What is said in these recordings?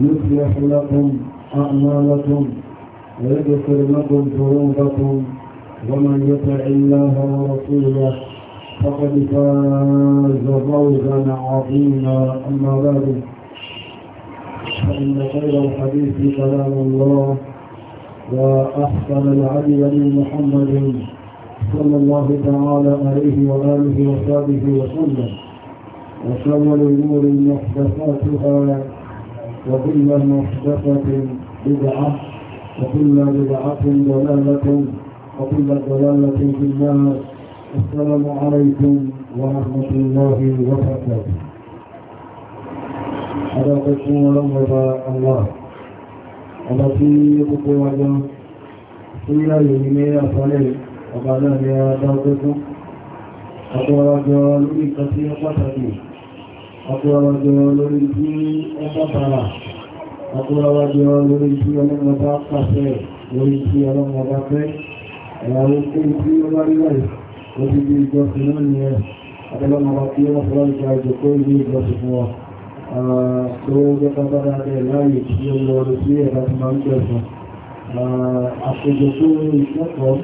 يصلح لكم أعمالكم ويغفر لكم ذنوبكم ومن يطع الله ورسوله فقد فاز فوزا عظيما أما بعد فإن خير الحديث كلام الله وأحسن العدل لمحمد صلى الله تعالى عليه وآله وصحبه وسلم وشر الأمور محدثاتها وكل محدثة بدعة وكل بدعة ضلالة وكل ضلالة في النار السلام عليكم ورحمة الله وبركاته هذا قسم رمضان الله التي يقوى جمع فيها يهمي أفعله وقال لها دعوتكم أقوى رجال إكتي قتلي Àkúrawájọ́ lórí tí ẹgbẹ́ bàrà, àkúrawájọ́ lórí tí ọlọ́run bá pàṣẹ, lórí tí ọlọ́run bá fẹ́, ẹ̀yàwó kó tí ó bá rí wáyé, ó ti di ìjọsìn náà ni ẹ, àtọ́lọ́run bá fi ọmọ fọ́lá ìjà ìjọkó ilé ìjọsìn fún ọ. Tó jẹ́ pátára rẹ̀ láàyè tí ó lọ rí sí ẹ̀dá tí máa ń jẹ̀sán. Àkójọpó ìkẹ́kọ̀ọ́,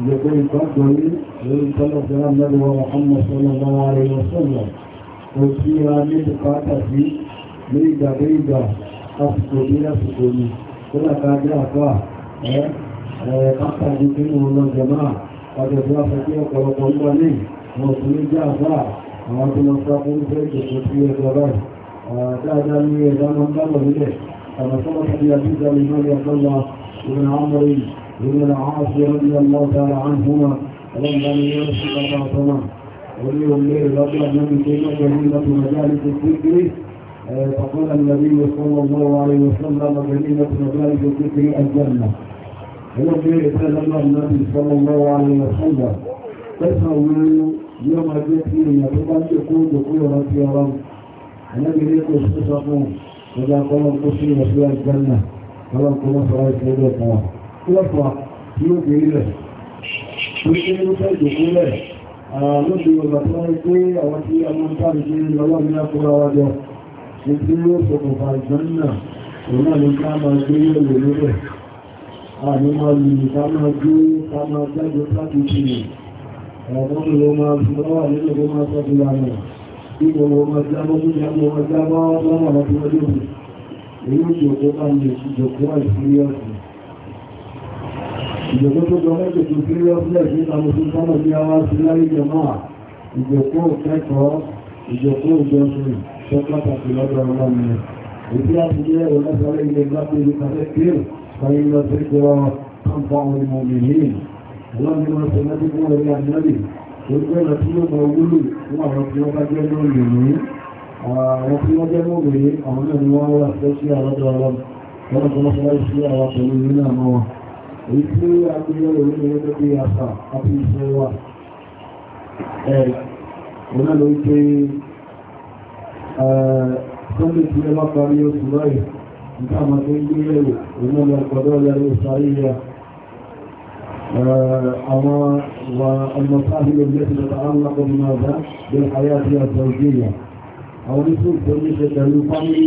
ìjọkó ìgbàgbọ́ yìí lórí tọ́lọ̀ fẹ́ràn kò sí ra ní bùkátà sí ní ìgbà dé ìgbà lásìkò ní lásìkò ní tó láta jẹ́ àtọ́ ẹ̀ kápàdé nínú ọlọ́jọ́ náà ọjọ́ tó wáfẹ́ sí ọ̀pọ̀lọpọ̀ nígbà ní wọn kò ní jẹ́ àtọ́ àwọn tó lọ sọ fún fẹ́ ìjọsọ sí ẹjọ́ báyìí dáadáa ní ẹ̀dá máa ń dábọ̀ nílẹ̀ كما ثبت في حديث الإمام عبد الله بن عمرو بن العاص رضي الله تعالى عنهما لما لم يرسل الله وليوم ليل رضي من كلمة جميلة مجالس الذكر فقال النبي صلى الله عليه وسلم جميلة مجالس الذكر الجنة يوم ليل سلم النبي صلى الله عليه وسلم تسوي يوم الذكر يتبع تكون ذكورة يا رب النبي ليك وشتشقون وذا قال القصي وفي الجنة قال القمص رأيك لديك الله يطلع يوم ليله ويجب أن يفيد lóṣù ìgbàtọ́ pé àwọn tí a mọ́ tàbí sí lọ́lọ́bí lápúra wá jọ ní tí ó sọ̀kọ̀fà ìgbàmìnà òun náà ní ká máa gbé yẹ̀lò lórí àní máa lù ká máa gbé ká máa jáde láti ṣe ẹ̀wọ́n ló máa lọ́wà nínú tó máa sọ́tù lánà bí gbogbo máa jábọ́ tó jábọ́ máa jábọ́ lọ́wọ́ àwọn tó wọ́n dé èyí ò jòkó bá ní ìjòkó àìsírí ọ̀sìn ìjọ̀kó tó jọ mẹ́jọ tó fi rọ́pílẹ̀ ní àmójú sọ́nà bí a wá sí láyé jẹmọ́ ìjọ̀kó kẹ́kọ̀ọ́ ìjọ̀kó ìjọsìn tó pàtàkì lọ́dọ̀ ọlọ́mọ èdè àti jẹ́ ọlọ́sọ̀rọ̀ ilẹ̀ lápẹ̀lú kàfẹ́ pé ọ̀yìn lọ sí jọ ọ̀pọ̀ àwọn ìmọ̀ mìíràn ọlọ́mọ wọn sọ lọ́dún fún ọ̀rẹ́ àjọ́lì tó jẹ́ lọ sí ọmọ wúlò fún àwọn tí wọ́n bá jẹ́ lórí ìlú àwọn tí wọ́n wà fẹ́ sí àwọn ọlọ́mọ wọn kọ́ lọ́sọ̀rọ̀ sí àwọn pẹ̀lú nínú àwọn èyí tí a ti yẹ́ orí ní ẹgbẹ́ bí àṣà àti ìṣẹ́ wà ẹ̀ ọ̀nà ló ń pé sunday tí ẹ bá parí oṣù báyìí níta máa tó ń gbé ẹ̀rọ ọ̀nà lọ pọ̀dọ̀ lẹ́rọ sáré yẹ àwọn wà ọmọ sáàbí lè jẹ́ ìjọba alákọ̀ nínú ọ̀dá bí ayé àti àjọ òjì yà àwọn oníṣòwò tó ní ṣe pẹ̀lú fámìlì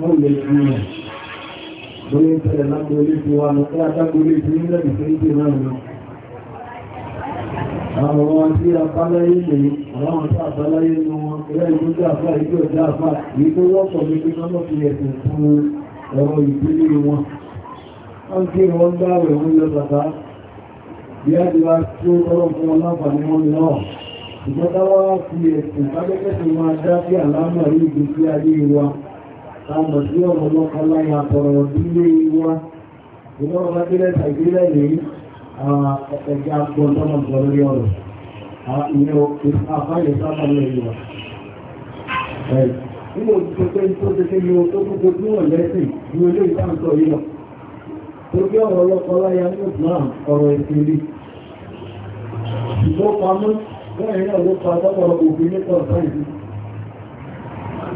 wọ́n lè fi rẹ̀ lórí ìtẹ̀lẹ̀ láti orí ti wà ní adágbórí ti nílẹ̀ ìfẹ́ìdì náà ni àwọn wọn tí a bá láyé lè àwọn tí a bá láyé ní wọn ilẹ̀ ìlú jáfà ìjọ jáfà èyí tó wọ́pọ̀ ní pé kọ́nà fi ẹ̀sìn fún ẹ̀rọ ìdílé wọn wọ́n kí wọ́n gbáwẹ̀ wọn lọ bàbá bí a ti wá tí ó tọ́rọ fún wọn láǹfààní wọn lọ́ọ̀ ìjọba wá fi ẹ̀sìn tábẹ́kẹ́sì máa dá sí àlámà rí ìgbésí ayé wa táàmù sí ọ̀rọ̀ lọ́kọ́ láyà tọrọ nílé wa ìlọ́rọ̀ lábílẹ̀ tàbílẹ̀ ní ẹ̀já gbọ́ntọ́nà lórí ọ̀rọ̀ ìyẹn àfáyẹ̀ sábà lórí wa nínú òṣìṣẹ́ pé tó tẹ́tẹ́ ní o tó kúkú tí wọ́n lẹ́sìn ní olé ìtàǹtọ̀ yìí lọ tó bí ọ̀rọ̀ lọ́kọ́ láyà ní Islam ọ̀rọ̀ ẹ̀sìn rí ṣùgbọ́n pamọ́ bẹ́ẹ̀ náà ló pa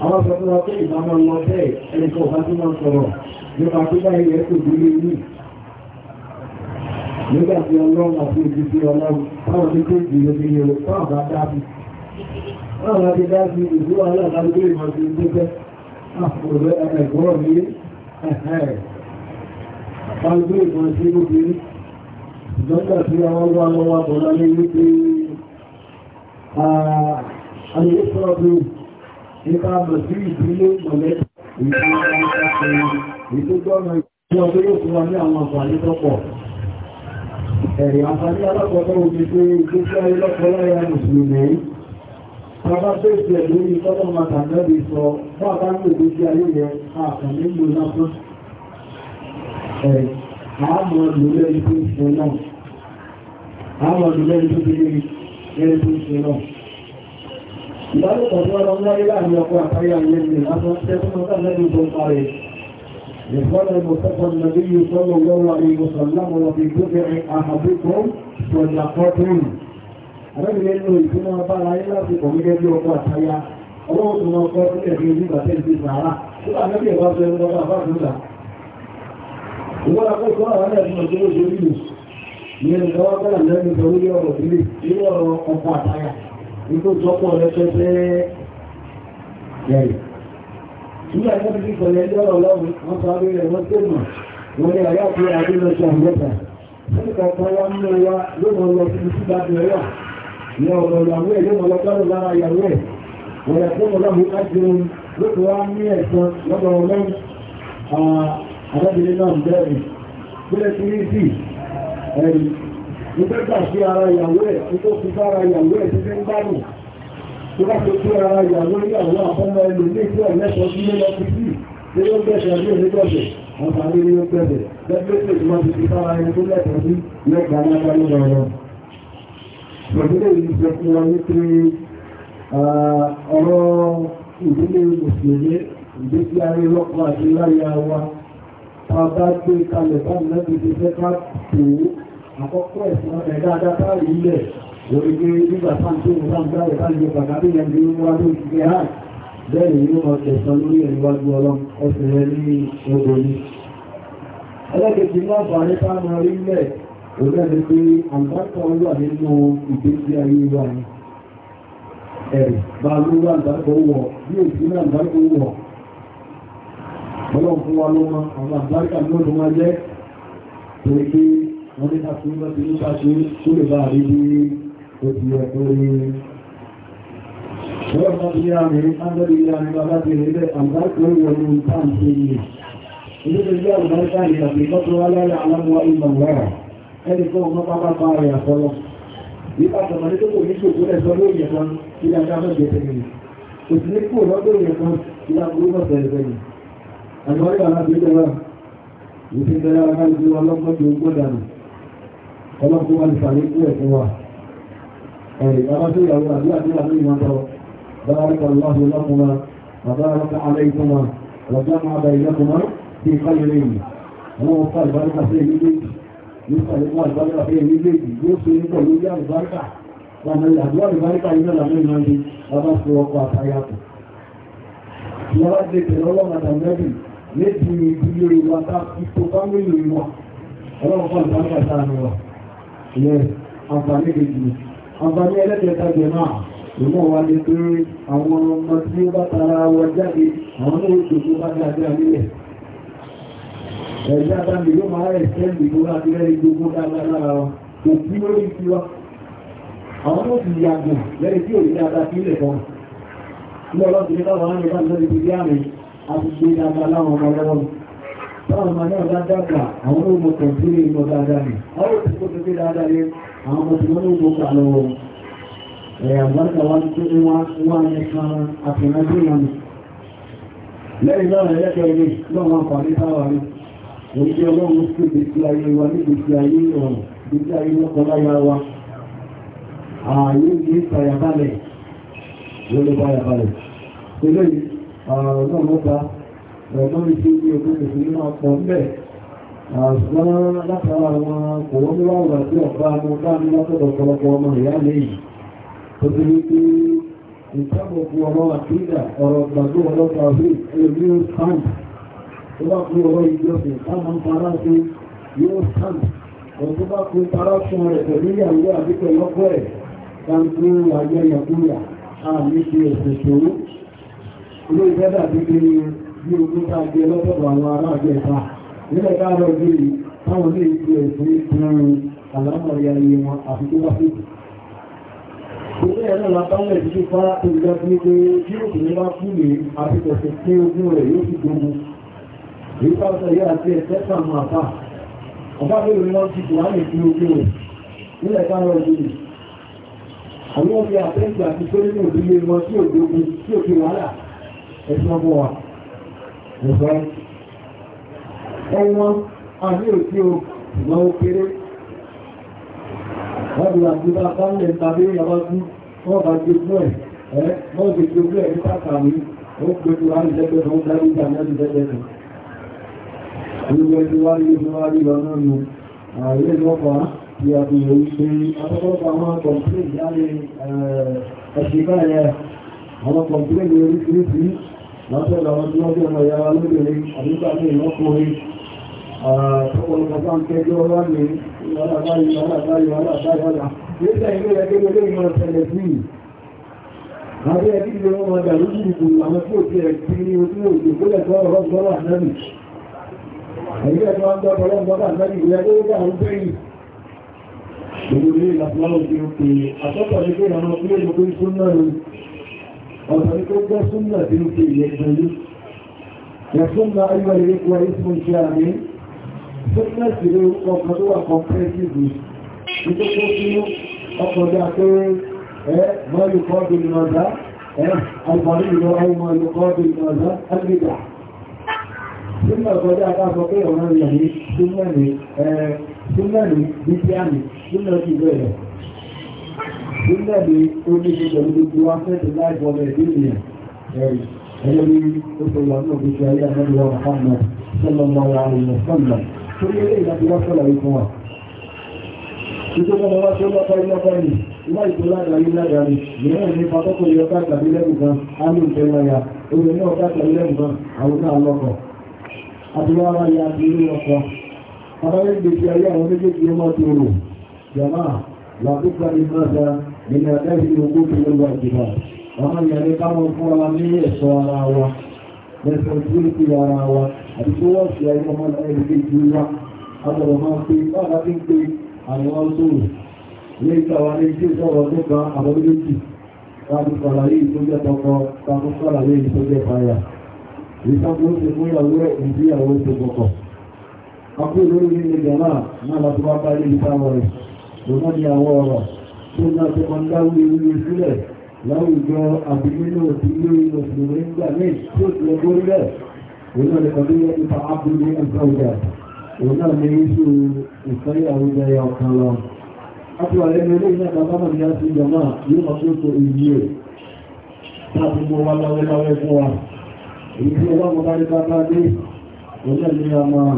àwọn ọ̀sọ̀rọ̀ pé ìdámọ́ lọ bẹ́ẹ̀ ẹnìkan ọ̀bá tí wọ́n sọ̀rọ̀ nípa tó bá ilẹ̀ kò dúró ní nígbà tí ọlọ́run àti òjijì ọlọ́run táwọn tó tó ìdí lórí ẹ̀rọ táwọn bá dábì táwọn bá dábì ìlú aláàbájú ìmọ̀ sí ilé jẹ́ àpòrò ẹgbọ́n mi ẹ̀ẹ́ àpájú ìmọ̀ sí lóbìnrin ìjọba tí àwọn wà lọ́wọ́ àbọ̀lá ní wípé ah, àyè sọ́ọ̀bù nípa bọ̀ sí ìdílé mọ̀lẹ́bí ìfúnjọ́nà ìjọ tó yóò fún wa ní àwọn àǹfààní tọ́pọ̀ ẹ̀rì àǹfààní alákọ̀ọ́kọ́ omi pé ìgbésí ayé lọ́pọ̀lọ́yà mùsùlùmí bàbá bèèsì ẹ̀lú ìtọ́lọ́ màtàndẹ́bì sọ bàbá ní ìgbésí ayé yẹ àkànní ló lásán ẹ̀rì àmọ́ lòlẹ́ ìtúnṣe náà ìbálòpọ̀ tí wọ́n lọ ń láyé láàrin ọkọ̀ àtàrí àwọn ènìyàn lásán tẹ́ tó mọ́ta lẹ́nu tó ń parẹ́ يقال المصطفى النبي صلى الله عليه وسلم وفي جزء أحدكم صدقة Àrẹ́bìn nínú ìtumọ̀ bára ilá ti kò gẹ́gẹ́ bí ọkọ̀ àtàyà, ọlọ́run tó máa kọ́ sílẹ̀ bí ojú bàtẹ́ ti sàárà, tó bá nẹ́bí ẹ̀bá fẹ́ ń lọ́wọ́ àbá àdúrà. Ìwọ́n àkókò àwọn ẹ̀rẹ́ ti mọ̀ tó lóṣèlú, ní tó jọpọ̀ rẹpẹtẹ yẹ̀rì nígbà tí wọ́n ti sọ yẹn lọ́rọ̀ lọ́rùn wọ́n sọ abẹ́rẹ́ rẹ̀ wọ́n tẹ̀mọ̀ wọ́n ní àyà pé adé lọ sí àmọ́ta wọ́n ti kọ̀ọ̀kan wá nínú wa ló mọ̀ lọ sí ibi bá ti rẹ̀ ìyá ọ̀rọ̀ ìyàwó ẹ̀ ló mọ̀ lọ sọ́rọ̀ lára ìyàwó ẹ̀ wọ́n yà fún ìgbẹ́gbà sí ara ìyàwó ẹ̀ tí tó fi sára ìyàwó ẹ̀ tí fi ń gbárùn tó bá tó tó ara ìyàwó ìyàwó àfọ́mọ ẹlò ní ìpínlẹ̀ mẹ́sàn sí lé lọ́pù sí tí ó gbẹ̀ṣẹ̀ ní onígbẹ̀ṣẹ̀ àtàrí ní ó gbẹ̀ṣẹ̀ lẹ́gbẹ̀ṣẹ̀ tí wọ́n ti fi sára ẹni tó lẹ́tọ̀ọ́ sí lẹ́gbà alágbálẹ̀ lọ́rọ̀ ìgbẹ́gbẹ́ yìí sọ fún wọn ní pé ọ̀rọ̀ ìdílé mùsùlùmí ìgbésí ayé lọ́kọ̀ àti láyé wa ta bá gbé kalẹ̀ fún mẹ́tò ti fẹ́ ká tòó àkọ́kọ́ ẹ̀sìn ọ̀rẹ́ dáadáa táàrí ilẹ̀ lórí pé nígbà sáńtó ìsáńtó ìsáńtó pàtàkì ẹni ní wá ló ti gẹ́ hàn bẹ́ẹ̀ ni wọ́n tẹ̀sán lórí ẹ̀ríwájú ọlọ́m ẹsẹ̀ rẹ̀ ní ọgbọ̀n ní ẹlẹ́kẹ̀ẹ́jì náà fàárí táàmù orí ilẹ̀ òjẹ́ni pé àǹtàkọ̀ wà nínú ìgbésí ayé wa ni ẹ̀rì bá ló wà àǹtàkọ̀ wọ̀ bí òsì náà àǹtàkọ̀ wọ̀ ọlọ́run fún wa ló mọ àwọn àǹtàkọ̀ ló ló máa jẹ́ torí wọ́n ní àti ń bá ti ní ṣáṣe tó lè bá rí bí ó ti yẹ tó rí Ọlọ́run bá ti yá mi, Ángẹ́lì yá mi bá bá ti rí bẹ́ àgbákò ìwọ̀n ní táǹtì yìí. Ilé ìjọba àgbáríkà ni àti ìkọ́tọ̀ wá lára aláwọ̀ ìmọ̀lára. Ẹni kọ́ ọmọ pápá pa rẹ̀ àfọlọ́. Nípa tọ̀mọ̀ ní tó kò ní ṣòkó rẹ̀ sọ lórí ẹ̀kan tí a dá mẹ́jẹ tẹ̀lé. Kò sí ní kò lọ́dọ̀ ẹ̀kan tí a burú mọ̀ tẹ̀lé tẹ̀lé. Àgbáríkà láti ìjọba. Ìfẹ́ bẹ̀rẹ̀ aláàbí ọlọ́gbọ́n tó ń gbọ́dànù ọlọ́run tó wà lè sàlẹ̀ kú ẹ̀kún wa ẹ̀rì bàbá tó yàwó àdúrà tó wà lórí wọn tọ́ bàbá rẹ̀ pẹ̀lú láti lọ́kùnmá bàbá rẹ̀ pẹ̀lú alẹ́ ìkùnmá rọ̀já máa bẹ̀ ìlẹ́kùnmá bí ìkọlẹ̀ rẹ̀ yìí ọlọ́run fà ìbáríkà sí èyí méjì ní sàlẹ̀kùn àìbáríkà sí èyí méjì yóò ṣe ní pẹ̀lú ilé àìbáríkà lànà àdúrà àìbáríkà yìí náà lànà ìrìnàjò bàbá fi ọkọ̀ àtàyàtọ̀ ìdílé wa ká fi tó bá ìbáríkà sáà ní wa ìyẹn àǹfààní kejì àǹfààní ẹlẹ́kẹta jẹ náà ìmọ̀ wa ni pé àwọn ọmọ tí ó bá tara wọ jáde àwọn ní oṣù tó bá dáadáa nílẹ̀ ẹ̀dá bá mi yóò máa rẹ̀ sẹ́ǹdì tó bá bẹ́ẹ̀ ní gbogbo dáadáa lára wọn kò kí lórí tiwa àwọn ó sì yàgò lẹ́yìn tí òní dáadáa sílẹ̀ Báwọn ọmọ náà bá dàgbà àwọn ọmọ tẹ̀sí ní ìmọ̀ dáadáa ni. Àwọn òtún tó tẹ́tẹ́ dáadáa ni àwọn ọmọ tí wọ́n ní ìmọ̀ kà lọ́wọ́. Ẹ̀yà àgbàkà wá tó ní wá wá ní kan àfìnájú ìlànà. Lẹ́yìn náà ẹlẹ́kẹ̀ẹ́ ilé náà wọn kọ̀ ní táwa ni. Oúnjẹ ọlọ́run sí ìgbésí ayé wa ní ìgbésí ayé ọ̀rọ̀ ìgbésí ayé lọ́kọláyà wa. Ààyè ní lórí tí ní ogun ìfìlú máa pọ̀ mẹ́ àṣùgbọ́n látara àwọn kòwọ́míwàwà tí ọ̀pá mọ́ dáàmì látọ̀dọ̀ ọ̀pọ̀lọpọ̀ ọmọ ìyá lẹ́yìn tó ti ní pé ìtàbọ̀kú ọmọ àkídà ọ̀rọ̀ gbàgbó ọlọ́pàá rí èmi ó sàn tó bá kú ọ̀rọ̀ ìjọsìn táwọn pará sí yóò sàn ọ̀rọ̀ tó bá kú pará fún rẹ̀ pẹ̀lú ìyàwó àbí pẹ̀lú ọkọ rẹ̀ dáńtú ayẹyẹkúyà àmì ti ẹ̀sẹ̀ ṣòro ilé ìfẹ́ dàbí pé bí ogun tá jẹ lọ́tọ̀dọ̀ àwọn ará àjẹta nílẹ̀ káàrọ̀ bí e, táwọn ní ìlú ẹ̀sìn ìtàn àlámọ̀rí ayé wọn àfi tó wáfí Ilé ẹ̀rọ látàlẹ̀ ti ṣe fara tó ìjá tí pé kí òkú ní bá fún mi àti tẹ̀sẹ̀ tí ogún rẹ̀ yóò fi gbogbo. Èyí pàtàkì yẹ́ àti ẹ̀sẹ̀ sàmù àtà. Ọba bèèrè ní wọ́n ti kù láàrín tí ogún rẹ̀. Ilé ẹ̀ká rọ̀ ìlú. E. Àwọn ọmọ ìyàtẹ́ǹtì àti pé nínú ìdílé wọn tí òjò ogun tí òkè wàhálà ẹ̀fẹ́ ẹwọ́n àmì òtí o ṣùgbọ́n ó kéré wọ́n bí àti bá sálẹ̀ tàbí ìyàwó tí wọ́n bá ti fún ẹ̀ ẹ́ wọ́n ti fi ojú ẹ̀ ní pàtàkì ó pẹ̀lú àìjẹ́gbẹ̀ tó ń darí ìjà náà ti jẹ́jẹ́ rẹ̀ Ìgbẹ́ ti wá ní ìlú wá rí lọ náà nù, ààrẹ lọ́pàá ti àbúrò ìṣe akọ́kọ́ àwọn kọ̀m̀pílẹ̀ ìyá ní lọ́pẹ́ lọ́wọ́ tí wọ́n jẹ́ ọmọ ìyára lóbìnrin àdúgbà ní ìlọ́kùnrin ọ̀pọ̀lọpọ̀ bá ń kẹjọ wá ní ìwádàbáyìí ìwádàbáyìí ìwádàbáyìí nígbà ilé ẹgbẹ́ ilé ìmọ̀ ṣẹlẹ̀ sí àbí ẹbí ilé wọn máa dà lójú ìbò àwọn tí ó ti ẹ̀ ti ní ojú òjò gbọ́lẹ̀ tó ọ̀rọ̀ gbọ́lọ̀ ànábì ẹgbẹ́ tó wá ń gbọ́ ọ̀rọ̀ gbọ́lọ̀ ànábì ìwé ẹgbẹ́ ó dáhùn bẹ́yìn gbogbo ilé ìlàpọ̀ وطريق السنة تنتهي إليه يسمى أيها الإخوة اسم شامل سنة تلو وقدوة كومبريسيف يتكفي أقدعتين ما يقابل ماذا الفريد أو ما يقابل ماذا البدع ثم الغداء أفقيه من يهي ثم ني ثم ني بيتياني ثم ني بيتياني nígbàdé tó ní ṣe pẹ̀lú gbogbo wá fẹ́ẹ̀dì láìpọ̀ ọmọ ẹ̀dẹ́ ènìyàn ẹ̀rì ẹ̀yẹ́ ní ó tó wà náà gbogbo ayé àmọ́lùwà Muhammad sallallahu alaihi wa sallam tó ní ilé ìdájọ́ wá sọ́là yìí fún wa. ìjọba wa tó lọ́pọ̀ ìlọ́pọ̀ ni ìwà ìtò ládàrí ládàrí mìíràn ní pàtọ́kọ̀ yọ káàkiri lẹ́bù kan ámì ìtẹ́lẹ́yà omi náà káàkiri lẹ́bù kan àwọn náà lọ́kọ̀ àdúrà wa ya ti rí ọkọ̀ àbáyé gbèsè ayé àwọn méjèèjì ọmọ tó rò jàmáà làkúkà ní mọ́ta nínú ẹgbẹ́rí ogó tó lọ́wọ́ ìdìbà ọmọ ìyẹ̀lẹ́ káwọn fún ara ní ẹ̀ṣọ́ ara wa lẹ́sọ̀ tí ó ti ara wa àti tó wọ́n sí ayé ọmọ ẹgbẹ́ ìjú wa agbọ̀rọ̀ máa pe bára tí ń pe àwọn ọ̀ṣọ́rọ̀ ilé ìtawà ní tí ó sọ̀rọ̀ nípa àwọn méjì láti sàlàyé ìtọ́jẹ́ tọkọ tàbí sàlàyé ìtọ́jẹ́ fàyà ìsàkó ti mú ìyàwó ẹ̀ ìdíyàwó tó kọ̀kọ̀ akó lórí nílé jàmáà náà láti wá parí ìtawọ̀ rẹ̀ lọ́nà ní àwọn ọ̀rọ̀ tó náà tó máa ń dáwó ewu sílẹ̀ láwùjọ àbí nínú ìdílé mùsùlùmí nígbà míì tó ti lọ lórí rẹ̀ òun náà lè kọ́ bí wọ́n ti fa ábúlé nǹkan ọjà òun náà lè yí sí ìfẹ́yàwó jẹyà ọ̀kan lọ. a ti wà lẹ́nu ilé iná bàbá mọ̀ ní a ti jọmọ́ yóò máa tó so ìyí rẹ̀ láti mú a máa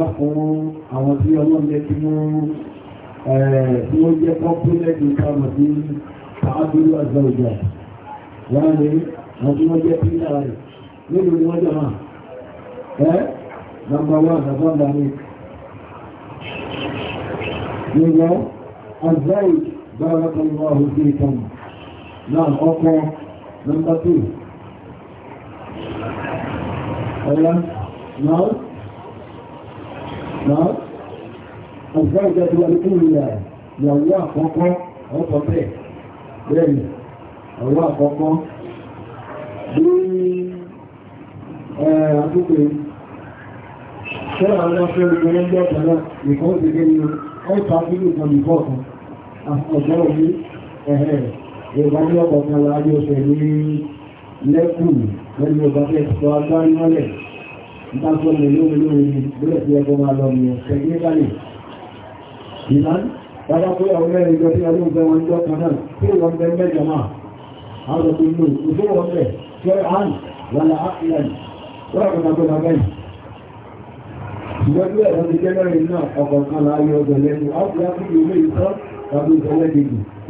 a fún àwọn tí tí ó jẹ́ pọ́pílẹ̀dì kama sí àádúrú àjọ ìjà wọ́n lè wọ́n tí wọ́n jẹ́ pílà rẹ̀ nínú ni wọ́n jẹ́ máa ẹ́ nàmbà wà nàbà nà ní nígbà àzáì bára kan wà ó sí ìtàn náà ọkọ̀ nàmbà 2 ọ̀la náà náà àlùfáàjà tó wà ní kí ìrìnà ìyàwó àkọ́kọ́ ọ̀pọ̀ bẹ́ẹ̀ bẹ́ẹ̀ni ọ̀wọ́ àkọ́kọ́ bí àtúkò ṣẹ́lá àwọn afẹ́ ìgbẹ̀rẹ̀ ẹgbẹ́ ọ̀tàrà nìkan ti gẹ́ nínú ọ̀tà fílù kan nìkan ọ̀kan ọ̀gbọ́ orí ẹ̀hẹ́ ìrọ̀bá ní ọkọ̀ kan láàárín ọ̀sẹ̀ ní lẹ́kùn lẹ́nu ọba fẹ́ sọ agbárí mọ́lẹ̀ ìtàkùn lè lórí lórí bí ẹ̀sìn ẹgbẹ́ máa lọ nìyẹn ṣẹ̀gbẹ́ ìlànà bàbá pé àwọn mẹ́rin jọ tí a ló ń bẹ wọn jọ kan náà tí wọ́n bẹ mẹ́jọ máa àwọn tó inú ìṣó wọn bẹ̀ ṣe àánì wàlà áìlẹ̀nì wọ́n kọ̀ọ̀kan tó máa mẹ́rin ṣùgbọ́n tí ẹ̀rọ ti jẹ́ mẹ́rin náà ọ̀kọ̀ọ̀kan láàyè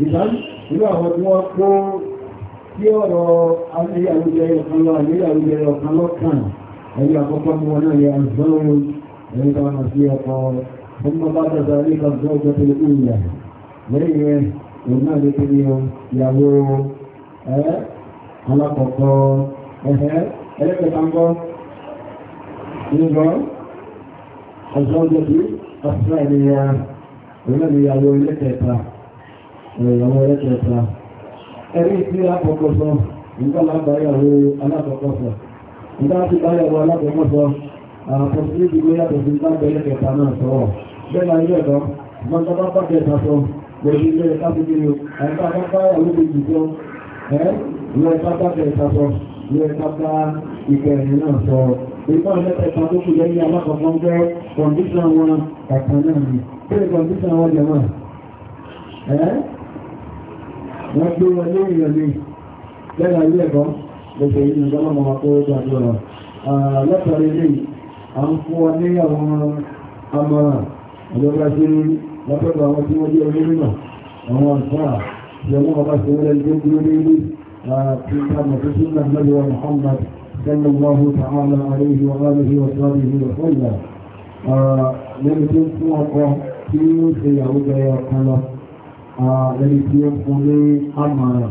ẹ̀yà àkọ́kọ́ ni wọn náà yẹ àìsàn ẹ̀yìn tó wọn sí ọkọ̀ ثم بعد ذلك الزوجة الأولى ليه هنالك اليوم يهو على قطار اها ايه تتعنقى نجا الزوجة الثانية هنالك يهو لكتا يهو لكتا أريد فيها قطرصة nǹkan lágbàá yàwó alákọ̀ọ́kọ́sọ̀. nǹkan láti bá yàwó alákọ̀ọ́kọ́sọ̀ àpọ̀sílẹ̀ ìgbéyàtọ̀ sí nǹkan bẹ̀rẹ̀ kẹta náà sọ̀rọ̀ bẹ́ẹ̀ ayé ẹ̀dọ́ mọ́tàbá pàtẹ́ ìtàṣọ lórí ilé káfíkiri ẹ̀ka pápá olóògbé jùlọ ẹ̀ lọ ẹ̀ka pàtẹ́ ìtàṣọ lọ ẹ̀ka pa ìkẹrin náà sọ ìgbà mẹ́tẹ̀ẹ̀ta tó kù lẹ́yìn alákọ̀ọ́kọ́ jẹ́ kọ̀ǹdíṣàn ni kí ni kọ̀ǹdíṣàn wọn jẹ̀ náà ẹ̀ wọ́n gbé wọn lé ìrẹ̀lẹ̀ lẹ́nà ilé ẹ̀kọ́ lẹ́sẹ̀ yìí nìkan náà máa kó gbàdúrà lọ́tọ̀ọ̀rẹ́ lẹ́yìn à ń fún ọ ní àwọn àmọ̀ràn ìjọba sí lọ́pọ̀lọpọ̀ àwọn tí wọ́n jẹ́ onímọ̀ àwọn àṣà ìjọba ọba sí wọ́n lẹ́yìn tó dúró lórí àpínká mọ̀tútúnà lọ́dọ̀ Muhammad sallallahu ta'ala alayhi wa alihi wa sallam wa sallam lẹ́yìn tó fún ọkọ tí ó ṣe ìyàwó jẹyọ kan lọ lẹ́yìn tí ó fún ní àmàrà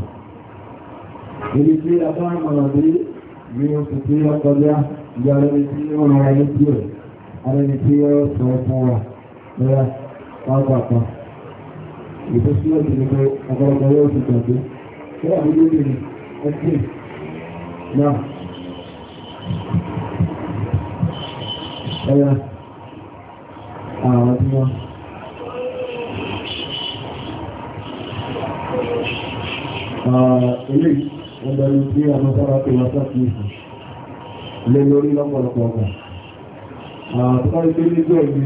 èyí tí a bá àmàrà dé ní oṣù tí ó kọjá ìyá rẹ̀ tí ó rọra ní tí ó rẹ̀ tí ó sọ fún wa ẹ̀yà pàápàá ìbò sí ọ̀dọ̀ ìbò ọ̀gọ̀ọ̀gọ̀ yóò ti gbàgbé tí wà ní lórí ẹgbẹ́ náà ẹ̀yà àwọn tí ilé ẹgbẹ̀rún tí a mọ́ sára pé wọ́n sáàkì ìsìn lé lórí lọ́pọ̀lọpọ̀ ọgbà àtúkọ́ ilé ní jẹ́ ìgbé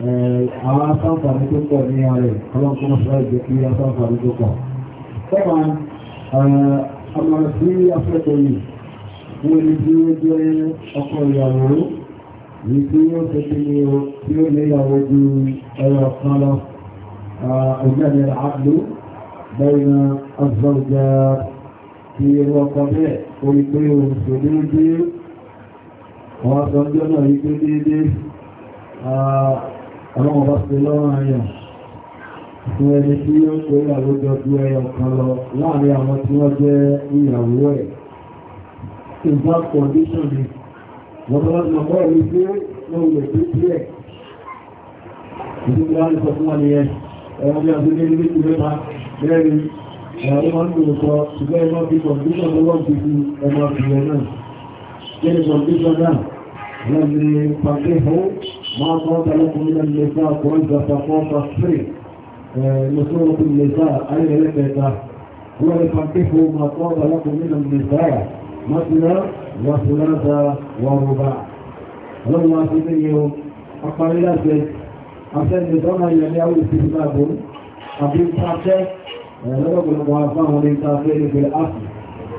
Eh, àwọn asáǹfààní tó pọ̀ ní ààrẹ ọlọ́pọ̀ mọ́sílẹ̀ jẹ́ kí asáǹfààní tó pọ̀. Tẹ́wà àmàrà eh, sí afẹ́kọ̀ọ́ yìí fún ẹni tí ó jẹ́ ọkọ ìyàwó ní tí ó ṣe kí ni ó tí ó lé ìyàwó ju ẹ̀rọ kan lọ eh, ọ̀gbẹ́ni àdó ọlọ́wọ́ bá fi lọ́rùn ayọ̀ fún ẹni tí ó pé àlójọ bí ẹyọ kan lọ láàrin àwọn tí wọ́n jẹ́ ìyàwó ẹ̀ ìbọn condition ni wọ́n bá lọ́nà mọ́ ẹ̀rí pé wọ́n lè pé sílẹ̀ ìdíkùnlá ń sọ fún wọn nìyẹn ẹ̀wọ̀n bí ọdún ní ilé tí mẹ́ta mẹ́rin ẹ̀wọ̀n máa ń lò sọ ṣùgbọ́n ẹ̀wọ̀n bí condition lọ́wọ́ ti fi ẹ̀wọ̀n fi ẹ̀ náà kí ni condition náà lọ́nà pàṣẹ fún ما صوت لكم من النساء وإذا فقوط الصريح لصورة النساء أين لك ولتنكحوا ما طاب لكم من النساء مثنى وثلاثة ورباع لما تبين أقلاتك أسأل نظام يميعوا استثباب أبي تحقق لرب المعافاة من تأخير في الأصل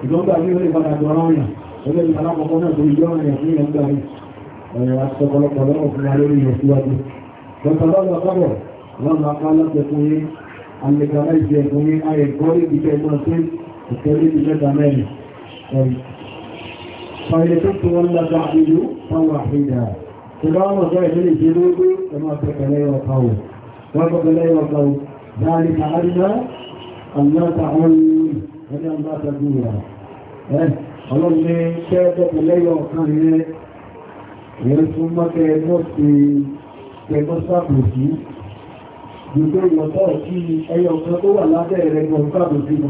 إذن تأخير لبنى دورانا إذن الحلقة قلنا في الجوانا يحمين الدهي ẹ̀yà ṣọpọlọpọ lọ́wọ́ fún wa lórí ìyẹn síwájú lọ́tọ̀lọ́wọ́ sọ́bọ̀ lọ́nà akálọ́pẹ̀ fún yí alẹ́gbàmẹ́ ìjẹ fún yí ayẹ gbọ́rí ìjẹ náà sí ìtẹ́lẹ̀ ìjẹta mẹ́rin fàyẹ̀ tó tún wọn lọ́gbà ìlú fáwọn àfihà tí wọ́n mọ̀ sọ ìfẹ́lẹ̀ ìjẹ lórí ẹmọ pẹ̀kẹ̀lẹ́ ọ̀kàwò wọ́n ọlọ́run ní kẹ́ẹ̀kẹ́ pẹ̀lẹ́ ọ̀kan yẹn Èyí tún mọ́kẹ́ ẹgbọ́ ṣe ẹgbọ́ sáàbòsí, ju pé ìwọ̀tọ́ kí ẹyọ kan tó wà lábẹ́ rẹ̀ gbọ́n sáàbòsí lọ.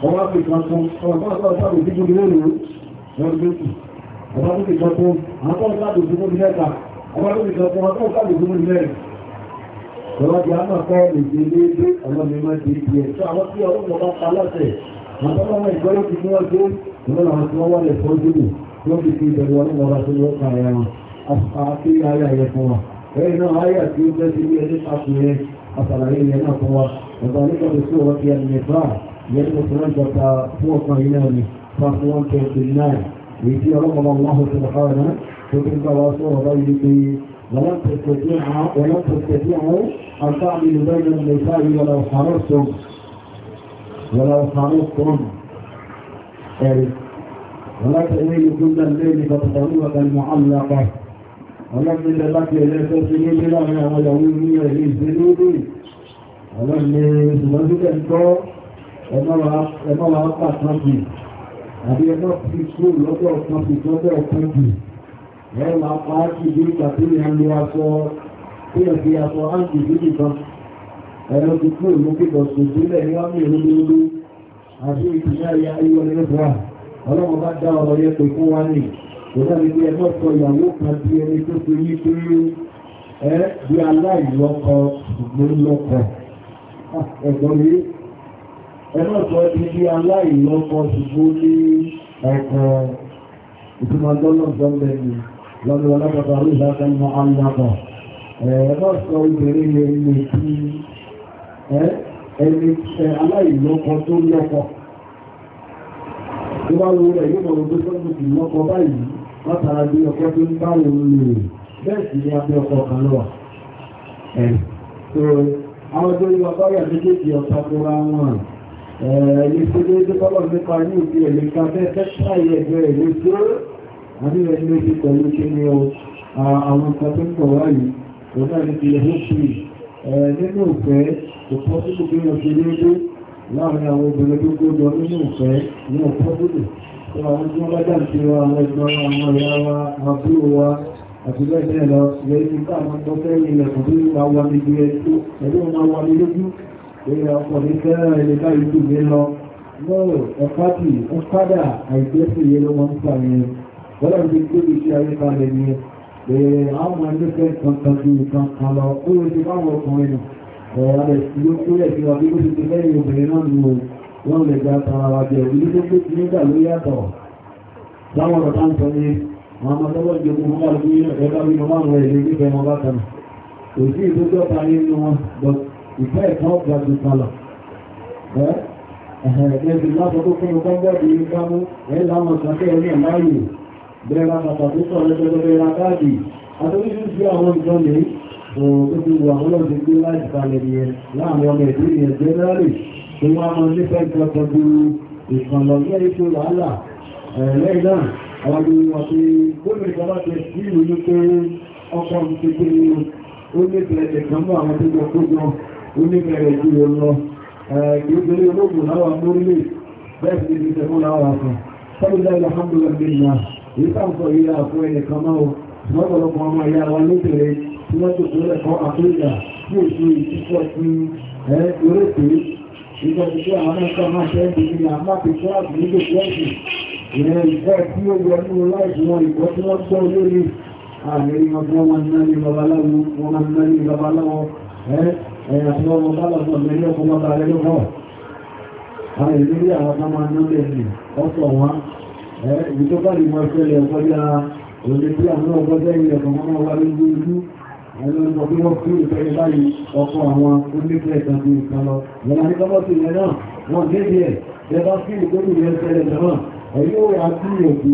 Wọ́n wá com kan fún ọ̀pọ̀ sáàbòsí gbogbo lónìí wọ́n gbé kù. Ọba tó ti kan fún àwọn com gbogbo mẹ́ta, ọba tó ti kan fún àwọn sáàbòsí gbogbo mẹ́rin. Ìwọ́n ti á máa kọ́ èdè léèdè ọlọ́mìnira ti di ẹ̀ tí àwọn tí ọlọ́mọ bá pa lọ́sẹ̀, àwọn ọlọ́mọ ìgbọ́lọ́ ti fún ọjọ́ ìwọ́n àwọn tí wọ́n wà lẹ̀ fọ́jú nù yóò fi fi ìbẹ̀rù ọlọ́run ọba tó yọ kàrẹ wọn àti ayé ayẹ fún wa lẹ́yìn náà ayé àti ó bẹ́ẹ̀ sí ilé ní pàtìyẹ àtàlàyé yẹn náà fún wa ọba nígbàdì sí ọ̀rọ̀ ti ẹni nìfà yẹn tó fún ẹjọ́ ta fún ọkàn yìí náà ni fàtí wọn tẹ ti náà èyí tí ọlọ́run ọba wọn ولن تستطيعوا ولن تستطيعوا أن تعملوا بين النساء ولو حرصتم ولو ولا تميل كل الليل فالطريقة المعلقة ولم لك إلى تسليم لنا ولومي في سنوبي ولم يسمد الكو ẹmọ́ wa pà tọ́jú àbí ẹmọ́ fi kú lọ́dọ̀ kan fi tọ́jọ́ tọ́jú ẹ máa pa á kì bí ìgbà tí ìyàn lo aṣọ tí ẹ̀ fi aṣọ áǹkì sí nìkan ẹ̀rọ ti kú ìlú kíkọ̀ sùn sílẹ̀ ní wọ́n ní ìlú lórí àti ìpínlẹ̀ ayé ayé wọlé lọ́dọ̀ ọlọ́run bá dá ọ̀rọ̀ yẹ pé fún wa nì ìdáni bí ẹgbẹ́ ọ̀pọ̀ ìyàwó kan bí ẹni tó fi yí pé ẹ bí aláìlọ́kọ ṣùgbọ́n lọ́kọ ah, ẹ̀gbọ́n mi ẹgbẹ́ ọ̀pọ̀ ti bí aláìlọ́kọ ṣùgbọ́n ní ọkọ ìtumọ̀ dọ́lọ́gbọ́n bẹ́ẹ̀ni lọ́nà ọlọ́pàá ló dáká ní aláàbọ̀ ẹ̀ẹ́dọ́ sọ obìnrin ẹni tí aláìlọ́kọ tó lọ́kọ̀ọ́ tó bá wo rẹ̀ yóò mọ̀ tó sọ́dún kì mọ́ ọkọ̀ báyìí látara bí ọkọ̀ tó ń bá wo lè bẹ́ẹ̀ sì ni abẹ́ ọkọ̀ kan lọ́wà ẹ̀ tó àwọn tó yọ ọkọ̀ yà méjèèjì ọ̀tá tó ra wọn ẹ̀ẹ́lẹ́ tó dé tó kọ́lọ̀ nípa ní òbí ẹ̀lẹ́ ká bẹ́ẹ̀ fẹ́ ṣáyẹ̀ ẹgbẹ́ ẹ̀lẹ́ tó àbí ẹ̀lẹ́ ni ọ àwọn nǹkan tó ń bọ̀ wáyìí òun náà láàrin àwọn obìnrin tó gbójọ nínú ìfẹ́ ní ọ̀pọ̀lọpọ̀ tó àwọn tí wọ́n bá jà ń ti wa àwọn ẹgbẹ́ àwọn ìyá wa àbúrò wa àti bẹ́ẹ̀ lọ lẹ́yìn tí káàmọ́ tó fẹ́ ilẹ̀ kò tó nípa wa níbi ẹ̀tọ́ ẹ̀tọ́ máa wà ní lójú èèyàn ọkọ̀ ní fẹ́ràn ilẹ̀ káyìí Ẹ̀rọ rẹ̀ tí ó kó rẹ̀ tí wọ́n bí ó ti ti lẹ́yìn obìnrin náà nù wọ́n lè gba tara wa jẹ́ òbí tó pé tí nígbà ló yàtọ̀. Láwọn ọ̀rọ̀ táwọn sọ ni, àwọn ọmọdọ́wọ́ ìjọba wọn bá lórí ẹ̀ka bí wọn rẹ̀ lè nífẹ̀ẹ́ wọn bá kan. Kò sí ìdójọ́ ta nínú wọn, but ìfẹ́ ìkan ọ̀gá ju kan lọ. Ẹ̀ẹ́dẹ̀ẹ́dẹ̀ lásọ tó fún ọgbọ́n bọ́ọ̀dù yìí ká mú, ẹ̀ láwọn ìsàkẹ́ ẹ̀rí ẹ̀ láàyè, bẹ́ẹ̀ ra pàtàkì sọ̀rọ̀ ẹgbẹ̀rẹ̀ ra káàdì, àtọ́jú tó ti wà wọ́n lọ́dún pé láti balẹ̀ yẹn láàrin ọmọ ìlú yẹn jẹ́nẹ́rì tó wá mọ nífẹ̀ẹ́ kankan ju ìkànnà lẹ́yìn tó wàhálà lẹ́yìn náà àwọn ọmọ ìwà pé gómìnà ìjọba sí ti pé náà lọ́pọ̀lọpọ̀ ọmọ ìyá tí wọ́n tó tó lẹ́kọ́ àfíríkà tí àwọn ẹ̀kọ́ máa ṣe ń ní láìsí àwọn ọmọ tí wọ́n fún ìfẹ́ báyìí ọkọ̀ àwọn onífẹ́ ìtàkùn ìkan lọ wọ́n ní lọ́wọ́sí ilẹ̀ náà wọ́n dédé ẹ̀ jẹba sí ìgbóhùn yẹn tẹ́lẹ̀ náà ẹ̀yọ́ àti òkú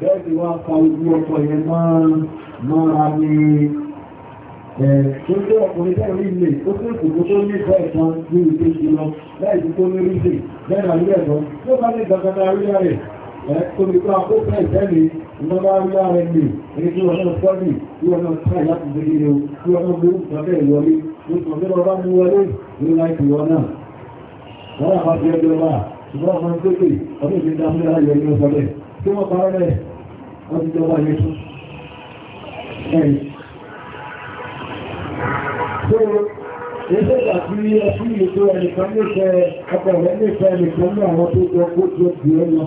bẹ́ẹ̀ ti wá fa ojú ọkọ̀ yẹn mára ní tó jẹ́ ọkùnrin tẹ́rí ilé ó fún ìkòkò tó ní ìfẹ́ ìtàn ní ìgbésí lọ láì Ẹ̀kùnrin kan kó fẹ́ ìtẹ́lẹ̀ ìjọba rẹ̀ ní kí wọ́n náà tí wọ́n náà láti gbé ilé tí wọ́n náà gbóhùn ìwọlé, ló sọ pé mú wọlé ní láìpì wọn náà. Wọ́n Tí wọ́n parọ́ rẹ̀, wọ́n ti jọba ọkọ̀ rẹ̀ nífẹ̀ẹ́ nìkan ní àwọn tó jọ kó tó di ẹ lọ.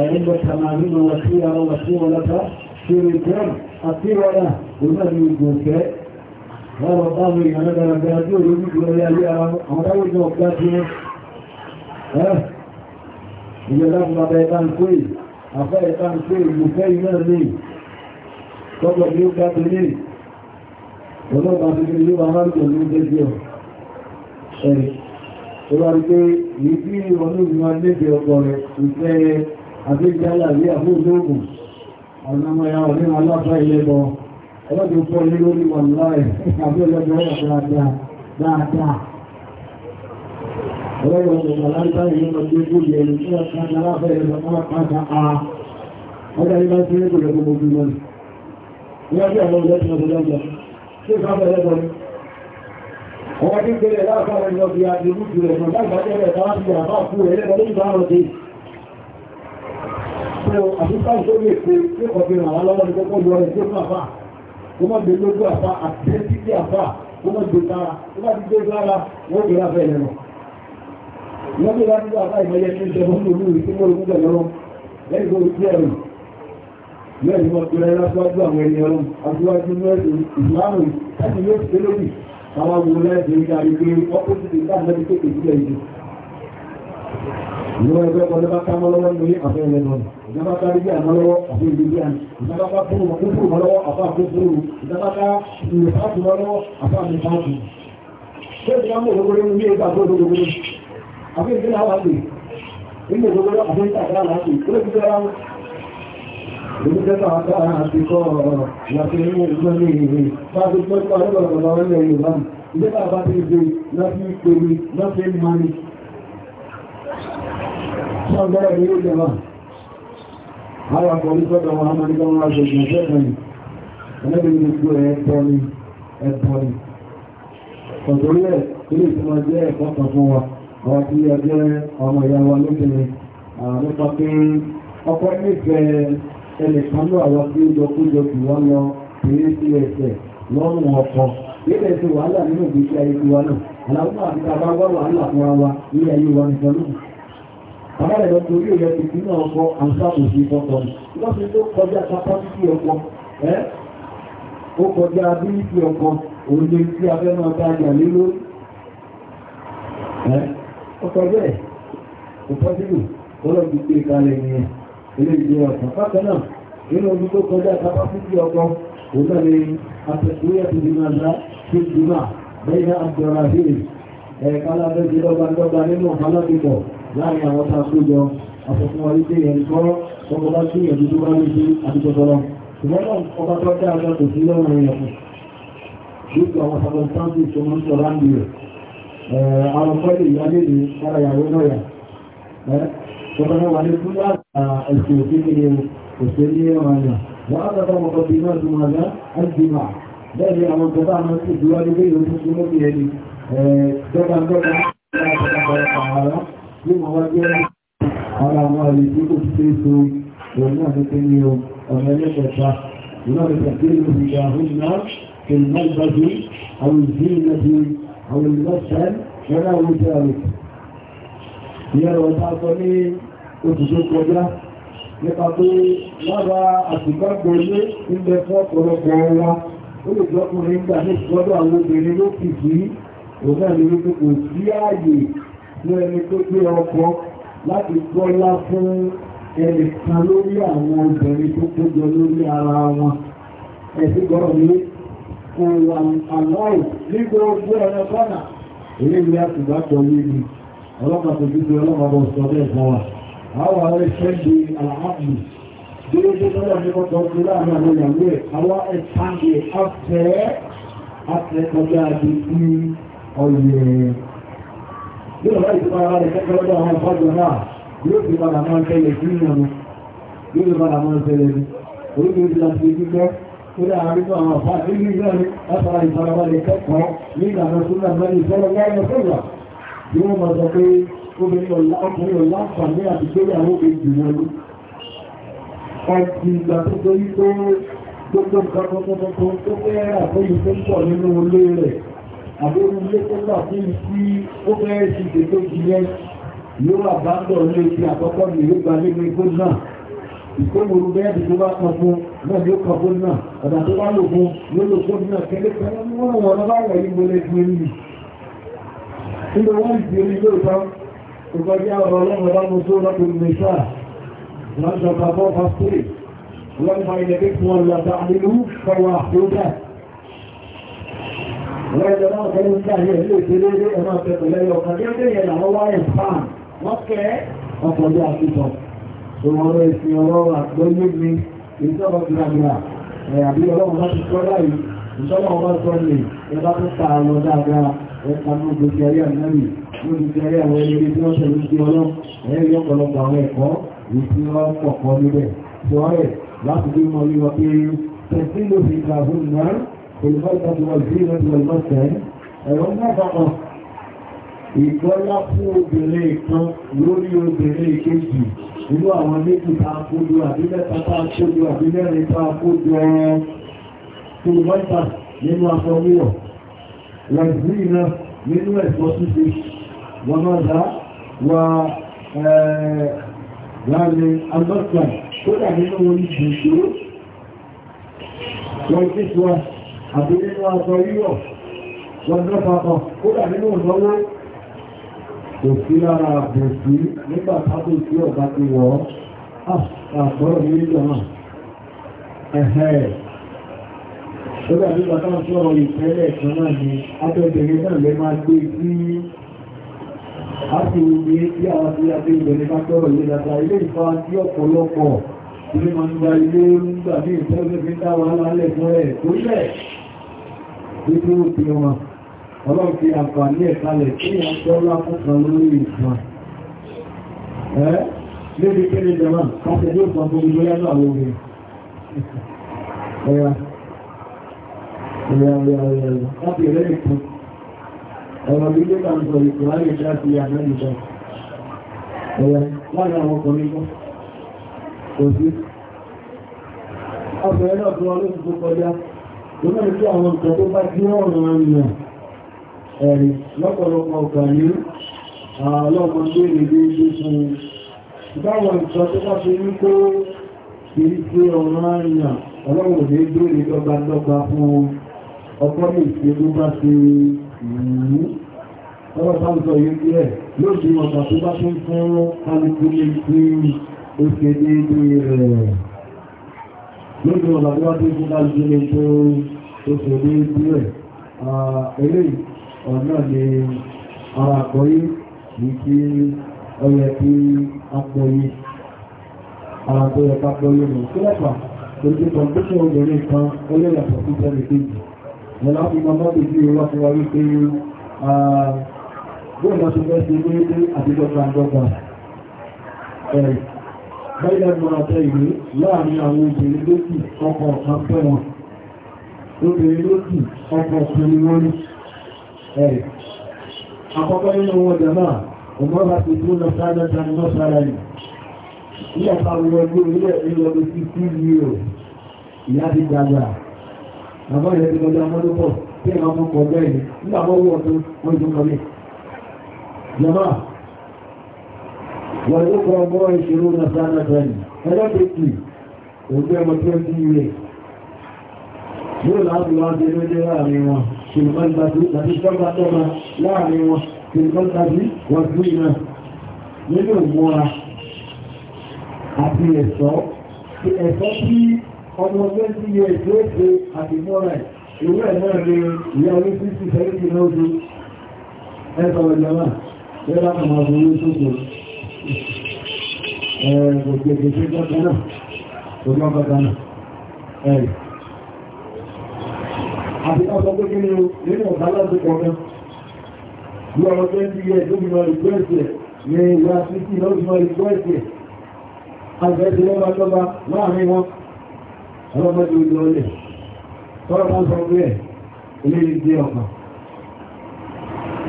عندك تمارين وسيرة وسيرة سيرتان السيرة ومن يقولك هذا الضامن أنا لما بيجوا يقولوا يا لي أنا أول نوكاتي ها هي ما بيتان كوي أخي بيتان كوي مكي مرني قبل يوكاتي لي ولو ما في اليوم عملت من ذلك ẹ̀rì tó bá rí pé ìdí ìrọ̀lú ìrìnà lẹ́gbẹ̀ẹ́ ọgbọ̀n rẹ̀ ìfẹ́ àbíjálà rí àbúrúdógún ọ̀nàmọ̀ya ọ̀rin aláfà ilẹ̀bọ̀ ọlọ́dún pọ̀ ní lórí wọn láì àbúrúdógún dáadáa dáadáa ọlọ́dún pọ̀ láńtà ìlú ọdún ìlú ìlú tí wọ́n ká aláfà ilẹ̀bọ̀ wọ́n pàtà á ọjà ilá tí ó gbogbo gbogbo lọ ìwájú àwọn ọjọ́ tí wọ́n tó lọ́jọ́ tí ó sáfẹ́ lẹ́bọ̀ ọwọ́ tí ń gbélé láàfà ilẹ̀ ọdún ìlú ìlú ìlú ìlú ìlú ìlú ìlú ìlú ìlú ìlú ìlú rẹ̀ àbúkà ìṣòro èpè ní ọ̀fẹ́ ràn wá lọ́wọ́ ní kọ́kọ́ lọ rẹ̀ sínú àfà ó má gbé lójú àfà àti títí àfà ó má gbé tara ó má ti gbé lára wọ́n gbé láfẹ́ rẹ̀ lọ. wọ́n gbé láti gbé àfà ìmọ̀lẹ́ ní ìṣẹ́ fún olú rẹ̀ tí wọ́n lójú ẹ̀ lọ́rọ́ lẹ́yìn tó ti ẹ̀rù lẹ́yìn wọn gbé lára síwájú àwọn ẹni ọlọ́run aṣíwájú mẹ́rin ìsìlámù láti yóò ṣe lórí àwọn àwọn olóyìn ìdarí pé ọ́pọ̀sí ti dáa lẹ́bi tó kèjì lẹ́yìn. ìwọ̀n ẹgbẹ́ ọlọ́pàá ká mọ́ lọ́wọ́ ní àfẹ́ ẹ̀lẹ́nu ọ̀nà ìjọba ká rí bí àmọ́ lọ́wọ́ àti ìlú bí àmì ìjọba ká fún ọmọ fún ọmọ lọ́wọ́ àfa àti fún ọmọ ìjọba ká ìlú fáàtì mọ́ lọ́wọ́ àfa àti fáàtì. ṣé ìjọba mú òdòdó ní ilé ìgbà tó òdòdó àfi ìdí náà wà pé ilé òdòdó àti ìta àti àlá pé ó lè fi jọra wọn. Èmi tẹ́tà àti àtìkọ́ láti ní ìgbọ́n ní ìwé. Fáàtì tó ń pa lọ́wọ́ lọ́wọ́ Yorùbá. Ìjọba àbá ti gbé láti pèmí láti máa ní. Sọ́gbọ́n ìlú ìjọba àwọn akọ̀wé sọ́dọ̀ wọn àwọn nígbà wọn aṣọ ìṣẹ́ ìṣẹ́fẹ́ ni ẹlẹ́bìn ní gbogbo ẹ̀ ẹ̀tọ́ ni ẹ̀tọ́ ni ọ̀tọ̀rí ẹ̀ ilé ìtumọ̀ jẹ́ ẹ̀kọ́ kan fún wa àwọn tí a jẹ́ ọmọ ìyá wa lóbìnrin àwọn nípa pé ọkọ̀ nífẹ̀ẹ́ ẹnìkan lọ àwọn tí ó jọ kújọ jù wọ́n lọ kéré sí ẹsẹ̀ lọ́rùn ọkọ̀ ilé ìṣe wàhálà nínú ìgbésí ayé tiwa náà àlàáfíà àti àbá wàhálà fúnra wa ilé ayé wa nìkan náà àbálẹ̀lọ torí ilẹ̀ tìtì náà ọkọ̀ àǹsàkòsí ìfọ́tọ̀ wọ́n ti tó kọjá kápásítì ọkọ̀ ẹ́ ó kọjá abílítì ọkọ̀ òye tí abẹ́ máa bá jà lé lórí ẹ́ ọkọ̀ bẹ́ẹ̀ kò pọ́sílù ọlọ́dún gbé kalẹ̀ ní ilé ìgbé ọkọ̀ bákan náà nínú omi tó kọjá kápásítì ọkọ̀ òun náà ni àtẹ̀kúrẹ́ tó di máa dá tó di máa bẹ́ẹ̀ ní àjọra hìrì láàrin àwọn tá a kó jọ àfọ̀fún wa wípé ẹni kọ́ ọkọ̀ bá sí ẹ̀dùn tó bá ní sí àdúgbòtọ́lọ́ ṣùgbọ́n náà ọba tó dá ọjọ́ kò sí lọ́rùn rẹ̀ fún lókè àwọn sàkọ̀ǹtáǹtì tó máa ń sọ láńdì rẹ̀ àwọn fọ́lì ìyálé ní sára ìyàwó náà tọ́ta náà wà ní fún láàrín ẹ̀sìn òkèkèrè òṣèlú ẹ̀rọ àyà wọ́n á tọ́ta ọmọ kọ̀ọ̀tì náà tó máa dá ẹ̀dìmà bẹ́ẹ̀ ni àwọn tọ́ta àwọn sì dúró adúgbò ìlú ní mọ̀wá jẹ́ ara àwọn àlè tí kò ṣe so òun في الملبس أو الزينة أو المشهد ونحو ذلك يرى تعطني وتشوف وجه nípa pé lára àtìgbà gbòlé ilẹ̀ fún ọ̀pọ̀lọpọ̀ ọwá ó lè jọkùnrin gbà ní ìṣọ́dọ̀ àwọn obìnrin ló kìí òun náà ni wípé kò sí ààyè fún ẹni tó gbé ọkọ̀ láti gbọ́lá fún ẹnìkan lórí àwọn obìnrin tó kójọ lórí ara wọn ẹ̀sìn gbọ́rọ̀ ní òwàn àlọ́ọ̀ ní gbogbo ọ̀nà kọ́nà èyí ni a ti bá tọ́ yé mi ọlọ́pàá tó dúdú ọlọ́pàá bọ̀ sọ bẹ́ẹ̀ fún wa àwọn àwọn ẹ̀ṣẹ́ di àlàáfù déédéé lọ́wọ́ ní wọ́n tọ́ sí láàrin àwọn ìyàwó ẹ̀ àwọn ẹ̀ṣẹ́ àfẹ́ àfẹ́ kọjá àti ọ̀yẹ̀ bí wọ́n láì fún ara rẹ̀ kẹ́kẹ́ lọ́dọ̀ àwọn ọ̀fọ́dọ̀ náà yóò fi padà máa tẹ́lẹ̀ sí ìyànú yóò fi padà máa tẹ́lẹ̀ ní orílẹ̀-èdè láti gbígbẹ́ tó dá àárín àwọn ọ̀fà nílùú ìlọ́rin látara ìfarabalẹ̀ kẹ́kọ̀ọ́ ní ìlànà tó náà mẹ́rin sọ́rọ̀ láyọ̀ sọ́rọ̀ tí wọ́n máa sọ pé obìnrin ọkùnrin ọ̀láǹfààní àti gbéyàwó kejì wọn ní ọ̀tí ìgbà tó torí pé gbogbo nǹkan tó tó tó tó fẹ́ẹ́ rà fún ìfẹ́ pọ̀ nínú ilé àbórí ilé tó gbà fún mi tí ó fẹ́ẹ́ ṣe ìdètò ìyẹn yóò wà bá ń bọ̀ ní ojú àkọ́kọ́ ní ìwé gba nínú igbó náà ìkómòrò bẹ́ẹ̀dì tó bá kan fún náà ní ó kan fún náà ọ̀dà tó bá lò fún ló lò fún náà kẹ́lẹ́ kan wọ́n wọ́n bá wọ̀ yí gbọ́lẹ̀ ju orí mi nígbà wọ́n ń fi orí lóòótọ́ ìkọjá ọ̀rọ̀ ọlọ́run bá mo tó lọ́pọ̀ ní sáà wọ́n jọ bàbá ọ̀fà pé wọ́n fa ilẹ̀ kékeré wọn lọ́ta àdínú fọwọ́ Àwọn ìjọba ọ̀sẹ̀ ń gbà ní ẹ̀lú ìṣẹ́lẹ́lẹ́ ẹ̀mọ́ ọ̀pẹ̀kù lẹ́yọ ọ̀kan tí ó tẹ́yẹ làwọn wáyé fáàn wọ́n kẹ́ ọkọ̀lẹ́ àtìsọ̀. Ìwọ̀n ẹ̀sìn ọ̀rọ̀ àgbọ́yé mi, ìjọba gbìyànjú àbí ọlọ́run láti sọ láyìí, ìjọba ọba sọ lè ẹbá tó ta àwọn ọ̀pọ̀lọpọ̀ àwọn ẹ̀kọ́ yìí tí البلد والزينة والمسكن ẹ̀rọ mẹ́fàmọ́ ìgbọ́lá fún obìnrin kan lórí obìnrin kejì inú àwọn méjì ta kójú àbí mẹ́ta ta kójú àbí mẹ́rin ta kójú ọ̀rọ̀ tó mọ́ta nínú aṣọ wíwọ̀ wẹ̀zínà nínú ẹ̀sọ́ ṣíṣe wọ́n máa dá wà láàrin alọ́sàn tó dà nínú orí ìgbìyànjú wọ́n àti nínú aṣọ yíwọ̀ lọ́jọ́ papọ̀ kódà nínú ìnáwó kò sí lára àbòsí nígbà tábò sí ọ̀gá ti wọ̀ ọ́ ní ìjọ náà ẹ̀hẹ́ Ọjọ́ àdúgbà táwọn tí ọ̀rọ̀ ìfẹ́lẹ̀ kan náà ni abẹ́bẹ̀rẹ̀ náà lẹ máa gbé sí àti omi tí àwọn tí a gbé ìbẹ̀rẹ̀ bá tọ́rọ̀ ilé dada ilé ìfà tí ọ̀pọ̀lọpọ̀ ilé máa ń gba ilé ń gbà ní ìfẹ́ nínú òbí wọn ọlọ́run fi àǹfààní ẹ̀kalẹ̀ kí àjọ́ lápúpọ̀ lórí ìfà ẹ́ lébi kéde jẹma káṣẹ ní òpá lórí ẹ̀yà ẹ̀yà ẹ̀yà ẹ̀yà láti rẹ̀ ìpò ẹ̀rọ bí lé kàn sọ ìpò láyé láti yàgbẹ́ ìjọ ẹ̀yà láàrin àwọn ọkùnrin kan kò Ìgbà tí àwọn ìjọ tó bá jí ọ̀rọ̀ ènìyàn ẹ̀rì lọ́pọ̀lọpọ̀ ọ̀gbà ní ọlọ́pọ̀ tó lè dé ṣe fún ìbáwọn ìjọ tó bá fi ní kó kìí pé ọ̀rọ̀ ènìyàn ọlọ́wọ̀ lè dóòlè lọ́gbàlọ́gbà fún ọkọ́ lè ṣe tó bá ti mú ọ̀rọ̀ bá ń sọ yìí tó lè pín ó lórí ọ̀nà tí wọ́n tó kí láti ilé tó oṣù ní ọ̀nà ni ara àkọ́yí ní kí ọyẹ kí àpọ̀yí ara tó yẹ pápọ̀yí mọ̀ tó lẹ́pà tó ti kọ̀m̀pútà obìnrin kan olè yàtọ̀ sí tẹ́lẹ̀ kejì ẹ̀lá fi mọ́ mọ́ bèbí wá fún wa wípé bóòlù ọ̀sùn fẹ́ ṣe bẹ́ẹ̀ mọ́ra tẹ́ ìwé láàrin àwọn obìnrin lókì ọkọ̀ ọ̀kan pẹ́ wọn obìnrin lókì ọkọ̀ ọ̀kan ni wọ́n rí ẹ̀rì àkọ́kọ́ nínú wọn jẹ̀mọ́ ọmọ bá ti tó lọ sáré tani lọ sára yìí ilé ọ̀pá wọn ló ilẹ̀ ilẹ̀ ló ti kú ní o ìyá ti dàgbà àmọ́ ìyẹn ti kọjá mọ́tò pọ̀ tí àwọn ọmọ kọjá yìí nígbà wọ́n wọ̀ tó wọ́n ti kọ́lé jẹ̀mọ́ ويقرأ مرة يشيرون سنة فلا تكي وقام تنتي إليه yóò láti wá ṣe lóde láàrin wọn ṣùgbọ́n tàbí tàbí tọ́gbà tọ́gbà láàrin wọn ṣùgbọ́n tàbí wọ́n sí iná nínú ìmúra àti ẹ̀ṣọ́ tí ẹ̀ṣọ́ tí ọmọ twenty years ló ṣe àti mọ́ra ẹ̀ ìwé ẹ̀ náà ni ìyá orí fífi sẹ́yìn Gbogbo ìgbésẹ̀ gbọ́gbọ́n náà, gbogbo ọgbọ́gbọ́n náà, ẹ̀rì. Àti ọ̀sọ̀ pé kí ni o, nínú ọ̀dá láti pọ̀ náà, lọ́rọ̀ tó ń bí ẹ̀ gómìnà ìgbẹ́ẹ̀sẹ̀ ní ìwà títí lọ́gbìnà ìgbẹ́ẹ̀sẹ̀. Àgbẹ̀ẹ́sẹ̀ lọ́gbà lọ́gbà láàrin wọn, ọlọ́mọdé ojú ọlẹ̀. Tọ́rọ̀ máa sọ pé ẹ̀, ilé ìgbé ọkàn.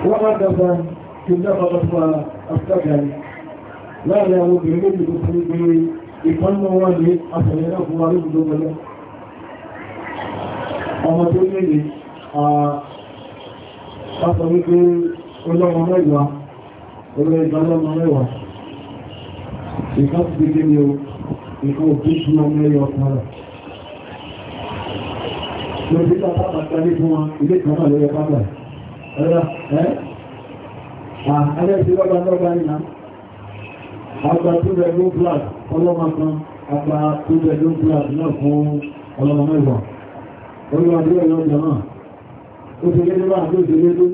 Wọ́n máa dọ̀gbà kí ó dọ́gbà láàrin àwọn obìnrin méjì tó fún gbé ìkọ́nà wọ́n ní àṣẹ̀yẹ fún wa lójú ọmọ tó léde àpapọ̀ wípé olóòmọ mẹ́wàá olóòmọ ìgbàlọ́mọ mẹ́wàá ìkan ti gbé o ìkan òkú sí ọmọ ẹyọ ọkàn rẹ̀ lójú tó pápá tàbí fún àgbà tó bẹ̀ ló glass ọlọ́mọ kan àgbà tó bẹ̀ ló glass náà fún ọlọ́mọ mẹ́wàá olúwa bí ọ̀yọ́ ọjà náà ó ti lédè bá àgbà òṣèré lédè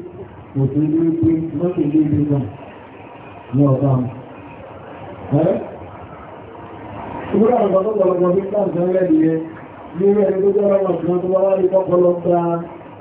kò sí ní pé mọ́tò lé ilé náà ní ọ̀gá ẹ̀ àgbà tó bọ̀lọ̀gbọ̀ bí káàkiri rẹ̀ nìyẹn ní ilé tó jẹ́ ọlọ́mọ kan tó bá wá ní kọ́kọ́ lọ́gbàá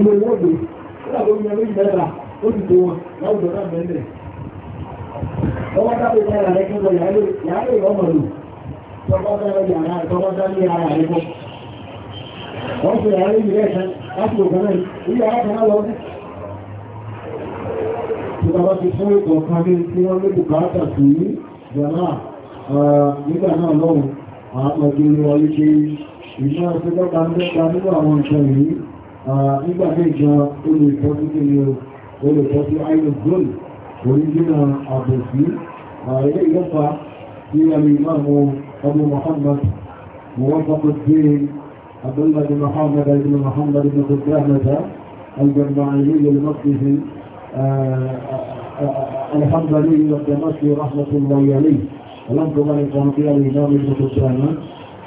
ilé owó òde nígbà tó ń yan lóyún wọn láwùjọ náà mẹ́lẹ̀ ọwọ́ dábẹ́ sára rẹ kí n lọ yàrá lè ọmọ lò tọwọ́ dábẹ́ yàrá tọwọ́ dábẹ́ yàrá wọ́n fi yàrá lóyún rẹ̀ láti òkú náà ilé yàrá lọ sí. Ìjọba ti fún ètò náà lọ́wọ́ àwọn ọmọdé ìṣẹ́ ọ̀sẹ̀ dọ́gba ń àwọn ìṣẹ́ yìí nígbà méjọ olùtọ́sí kìíní olùtọ́sí àìlùgbòlù oríjìnà àbòsí ilé ìlọ́fà tí alìmọ́mù ọmọ Muhammad موفق الدين عبد الله بن محمد بن محمد بن قدامة الجماعي المقدسي الحمد لله والدمشقي رحمة الله عليه ولم تملك عن الإمام ابن قدامة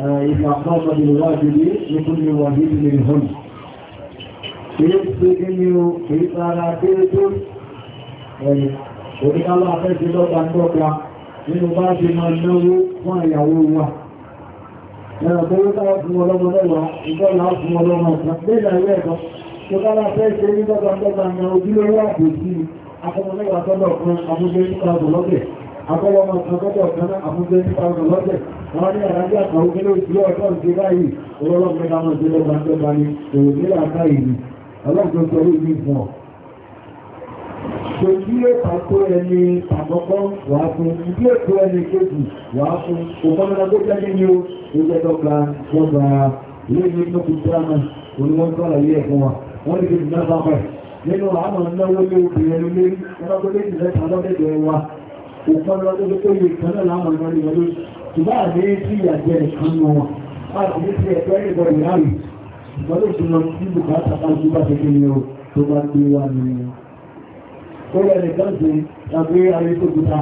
إذا خاف بالواجب لكل واجب منهم يستغني في طراتيكم Òní Allah fẹ́ ti lọ́gbà tọ́gbà nínú bá ti máa náwó fún àyàwó wa. Ẹ̀rọ tó yóò káwà fún ọlọ́mọ lẹ́wàá, ìjọ́lá fún ọlọ́mọ ọ̀sán. Bẹ́ẹ̀lá ilé ẹ̀kọ́, tó káwà akọ́lọ́mọ ìṣọ́kọ́tọ̀ ọ̀kan àfúnjẹ́ nípa ọ̀nà lọ́jẹ̀ wọ́n ní àrájẹ́ àkàrú kí ló ti yọ ọ̀tọ́ ìṣe báyìí ọlọ́lọ́ mẹ́ta mọ́ ìṣẹ́lẹ̀ gbàǹdọ́gba ni èrò nílẹ̀ àká ìlú ọlọ́gbọ́n sọ orí ìlú fún ọ. ṣe kí ó tako ẹni àkọ́kọ́ wàá fún ibi ètò ẹni kejì wàá fún òmọ́nà tó jẹ́ nínú ìjẹ́ dọ́gba dọ́gba ilé ní tó fi dáná oníwọ́n tó àlàyé ẹ̀ fún wa wọ́n ní kejì náà bá pẹ̀ nínú àmọ̀ náwó lé obìnrin lé ẹgbẹ́ tó lé ìrẹsà lọ́dẹ̀dẹ̀ wa ìfọ́lọ́ tó tó yẹ ìtọ́lọ́ láwọn ọmọ ìlú lórí ṣùgbọ́n àdé tí ìyàjẹ́ ìkan mọ́ wọn láti ní ti ẹ̀kọ́ ìgbọ̀ ìráyì ìfọ́lọ́ tó lọ sí bùkátà kájú bá tẹ́kẹ́ ni ó tó bá gbé wà ní ẹ̀ ó yẹ nìkan sí tàbí ayé tó kúta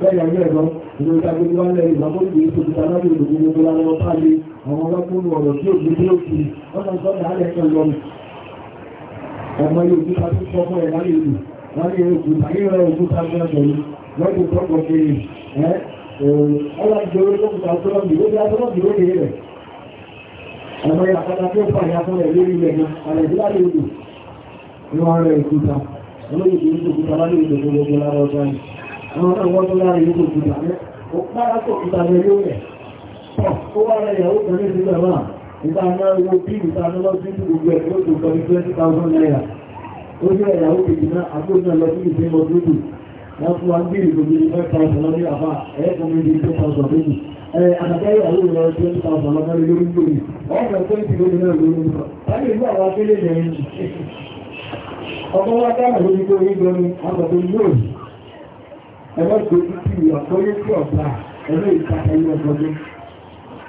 bẹ́ẹ̀ ayé ẹ̀rọ ìlú ìtàgbé tó wálẹ̀ ìgbàgbọ́gbé tó kúta lábẹ́ ìlú gbogbo lálọ́ pálí àwọn ọlọ́pùnú ọ̀rọ̀ tí òbí tó kì ọ̀nà sọ́dà alẹ́ ẹ̀kọ́ lọ́nà ọmọ yóò kúta tó sọ fún ẹ̀ láyé lọ́dún tó kọ̀ sí ẹ́ ọlọ́dún tó kọ̀ sí ọlọ́dún tó kọ̀ sí ọlọ́dún tó kọ̀ sí ọmọ ìyàkọ́ta tó fà ní afọ́lẹ̀ lórí ilẹ̀ náà ààrẹ ìdílá lè dùn ní wọ́n rẹ̀ ìkúta olóòtú ní òkúta wá ní ìdòkó gbogbo lára ọjọ́ yìí àwọn náà wọ́n tó lára ìlú òkúta rẹ̀ ó pàrà tó òkúta rẹ̀ ló rẹ̀ ó wọ́n fún wa gbé ìgbògbé five thousand lọ́dí àbá ẹ̀ẹ́kùn mi di two thousand lónìí ẹ̀ àtàkẹ́yẹ àwọn ìrọ̀ twenty thousand lọ́dí lórí lórí ọ̀pọ̀ twenty lórí náà lórí lórí láti ìlú àwọn akélé lẹ́yìn ọkọ̀ wa dára lórí tó rí gan ni àgbàdo yóò ẹ̀rọ tó ti ti àkọ́yé tí ọ̀pá ẹ̀rọ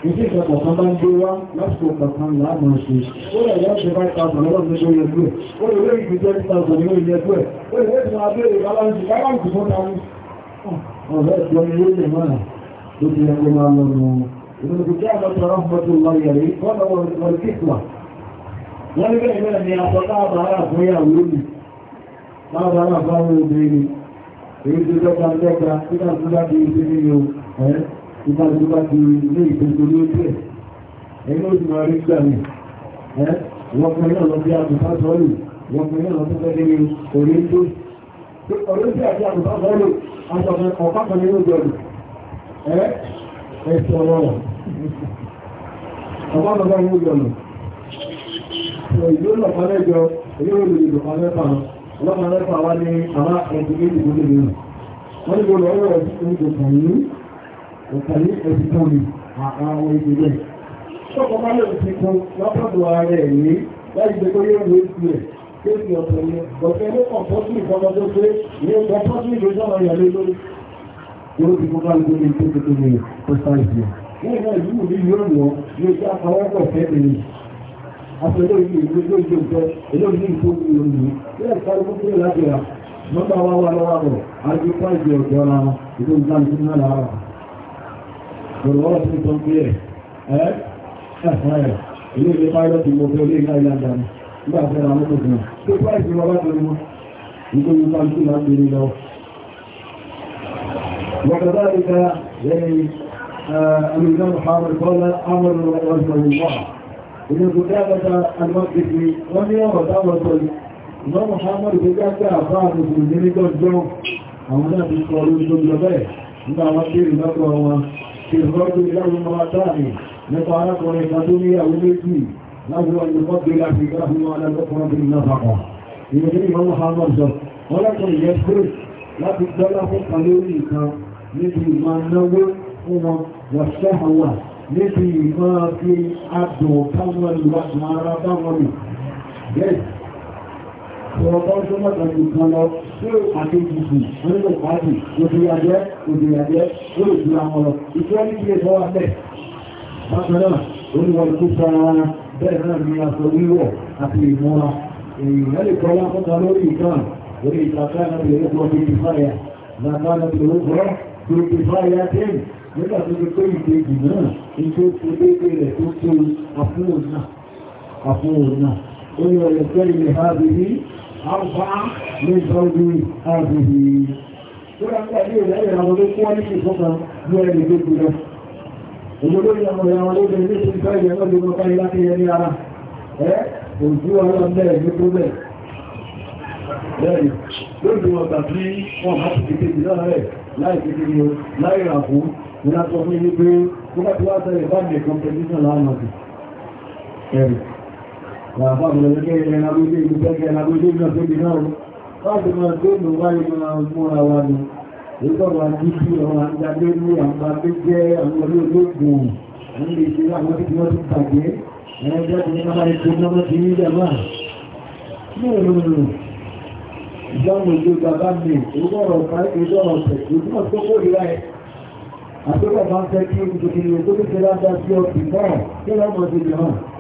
ìdí ìjọpọ̀ kan bá ń gbé wá lásìkò kọ̀kan láàrín ṣe ó rẹ̀ yọ́ ṣe 5,000 lọ́wọ́ ní ṣe yẹgbẹ́ ó rẹ̀ lórí ìgbé 20,000 ní orí ẹgbẹ́ ó rẹ̀ tí máa bèèrè báláńsì báláńsì fún tàbí ọ̀rẹ́ ìjọ ni ó lè máa ló ti ẹgbẹ́ máa lọ nù ìrìnàjò jẹ́ àlọ́tọ̀ rahmatu layari kọ́nà wọn kíkwa wọ́n níbẹ̀ ìbẹ̀ ni aṣọ táàbàárà fún ìyàwó ni táàbàárà fáwọn obìnrin èyí tó dọ́gba dọ́gba tí kàtúndà bí i sí nínú ẹ̀ ìgbà tó bá ti ilé ìgbésò ní ojú ẹ̀ ẹni ó ti máa rí gbà mí ẹ́ wọ́n fún náà lọ sí àbùfá sọ́ọ̀lù wọ́n fún náà lọ sí fẹ́ nínú orí ń tó orí àti àbùfá sọ́ọ̀lù aṣọ ọ̀pá kan nínú ìjọba ẹ́ ẹ̀sìn ọ̀rọ̀ ọ̀pá kan nínú ìjọba ìlú ọ̀pá mẹ́jọ ilé ìlú ìlú ọ̀pá mẹ́fà ọlọ́pàá mẹ́fà wá ní àwọn ẹ̀sìn méjì tó lè mìíràn wọ́n ní gbogbo ọwọ́ ẹ̀sìn tó ń òkèlé ẹ̀sìtọ́ mi àwọn ìgbèlẹ̀. ṣọ́kọ̀ máa lè ti kan lápọ̀dọ̀ ààrẹ ẹ̀mí láì gbé tó yẹ́ ìwé ti ẹ̀ tó ti ọ̀tọ̀ ni ọ̀tẹ́ ló kàn fọ́sí pé ní ọ̀tọ̀ fọ́sí ìwé sọ̀rọ̀ ìyàlé lórí. yóò ti fún báyìí lórí tó tó ní pẹ́sà ìfẹ́. ní ìgbà ìlú mi yóò lọ ní ìjà àkọwọ́pọ̀ fẹ́ mi àti olóyìn ìlú ló yóò jẹ olóyìn tó kú lórí ilé ìsáré fún kílè lábẹ́ra mọ́tò àwọn wa lọ́wọ́ àbọ̀ àti pàìjì ọ̀dọ́ ara ìlú ìlú náà lára. Yorùbá sí tó ń gbé ẹ̀ ẹ́ ẹ̀fọ́ ẹ̀ ilé ilé pilọ́tì mo fẹ́ ilé ilá ìlànà nígbà fẹ́ ra mọ́tò gan tó bá ìsìn wọn bá tó ní wọn nítorí ká sí máa ń gbé ní lọ. Wọ̀kọ̀dá ni ká lẹ́yìn Amínà Muhammad Kọ́lá Amọ̀ Rọ̀lọ́sọ̀rọ̀ wà. Ìjọba dáadáa alọ́gbèsè wọ́n ní ọ̀rọ̀ táwọn sọ̀rọ̀ Ìmọ́ Muhammad tó jágbé àbá àtòkùnrin nígbọ́jọ́ àwọn náà ti sọ lórí tó jọ bẹ́ẹ̀ nígbà wọn kéré lọ́pọ̀ wọn ṣèlúgbọ́dún ìlànà mọ́tàrí nípa arákùnrin kan tó ní àwọn méjì láti wọ́n ní fọ́gbé láti gbáhùn alágbọ́kùnrin náà papọ̀ ìrìn ìmọ̀ Muhammad sọ wọ́n lọ́kùnrin yẹ pé láti gbọ́lá fún kan lórí nǹkan níbi ìmọ̀ náwó fún wọn ọ̀rọ̀kọ́ tó mọ́ta ti kan lọ tí àti ìjìjì onílò pàájì òdìyàjẹ́ òdìyàjẹ́ ó lè jù àwọn lọ ìfẹ́ ní ilé ìfọwà bẹ́ẹ̀ bákan náà oníwọ̀n tó sọ ara bẹ́ẹ̀ náà ní aṣọ wíwọ̀ àti ìmúra èèyàn lè kọ́ lápọ́ta lórí ìkan orí ìtàkà náà lè rúkọ bí ìfáyà nàkà náà lè rúkọ bí ìfáyà tẹ́yìn nígbà tó ti pé ìkejì náà ìjó tó déédéé rẹ̀ tó tó àfúnwò àrùfà ní ìtọ́jú ààbìbì lóra nígbà ní ìlẹ̀ ìrìn àwọn olókún wọ́n ní ìfọ́kàn ní ẹni tó gbùdọ̀ òjòdó ní àwọn ìyàwó olóbìnrin ní ti fẹ́ ìyẹn lọ́dún lọ́pàá ilá ti yẹ ní ara ẹ́ òjú ọlọ́run bẹ́ẹ̀ ní tó bẹ́ẹ̀ bẹ́ẹ̀ lójú ọgbà tí wọ́n bá ti kéde jù náà rẹ̀ láì kéde ní láì rà fún ní láti ọmọ ilé pé kó bá ti wá sẹ́yìn bá mi kọ́mpẹ́tíṣàn láàmà وأصابنا بخير من أبو جيب مساكي أن أبو جيب نفسه بنار فاطمة كل غالب مأمور أواني يقول أن يشير وأن تعبيرني أن تعبيرني أن تعبيرني أن يشير أن تعبيرني أن تعبيرني أنا جاءت من أمر الجنة في جماعة مؤمن ìjọ́mù ìlú bàbá mi ìgbọ́rọ̀ ọ̀sẹ̀ ìgbọ́n tó kó ìlà ẹ̀ àtọ́kọ̀ máa ń fẹ́ kí ìjọkiri ẹ̀ tó kí ṣe láti ọ̀pì náà kí lọ́mọ̀ sí ìhàn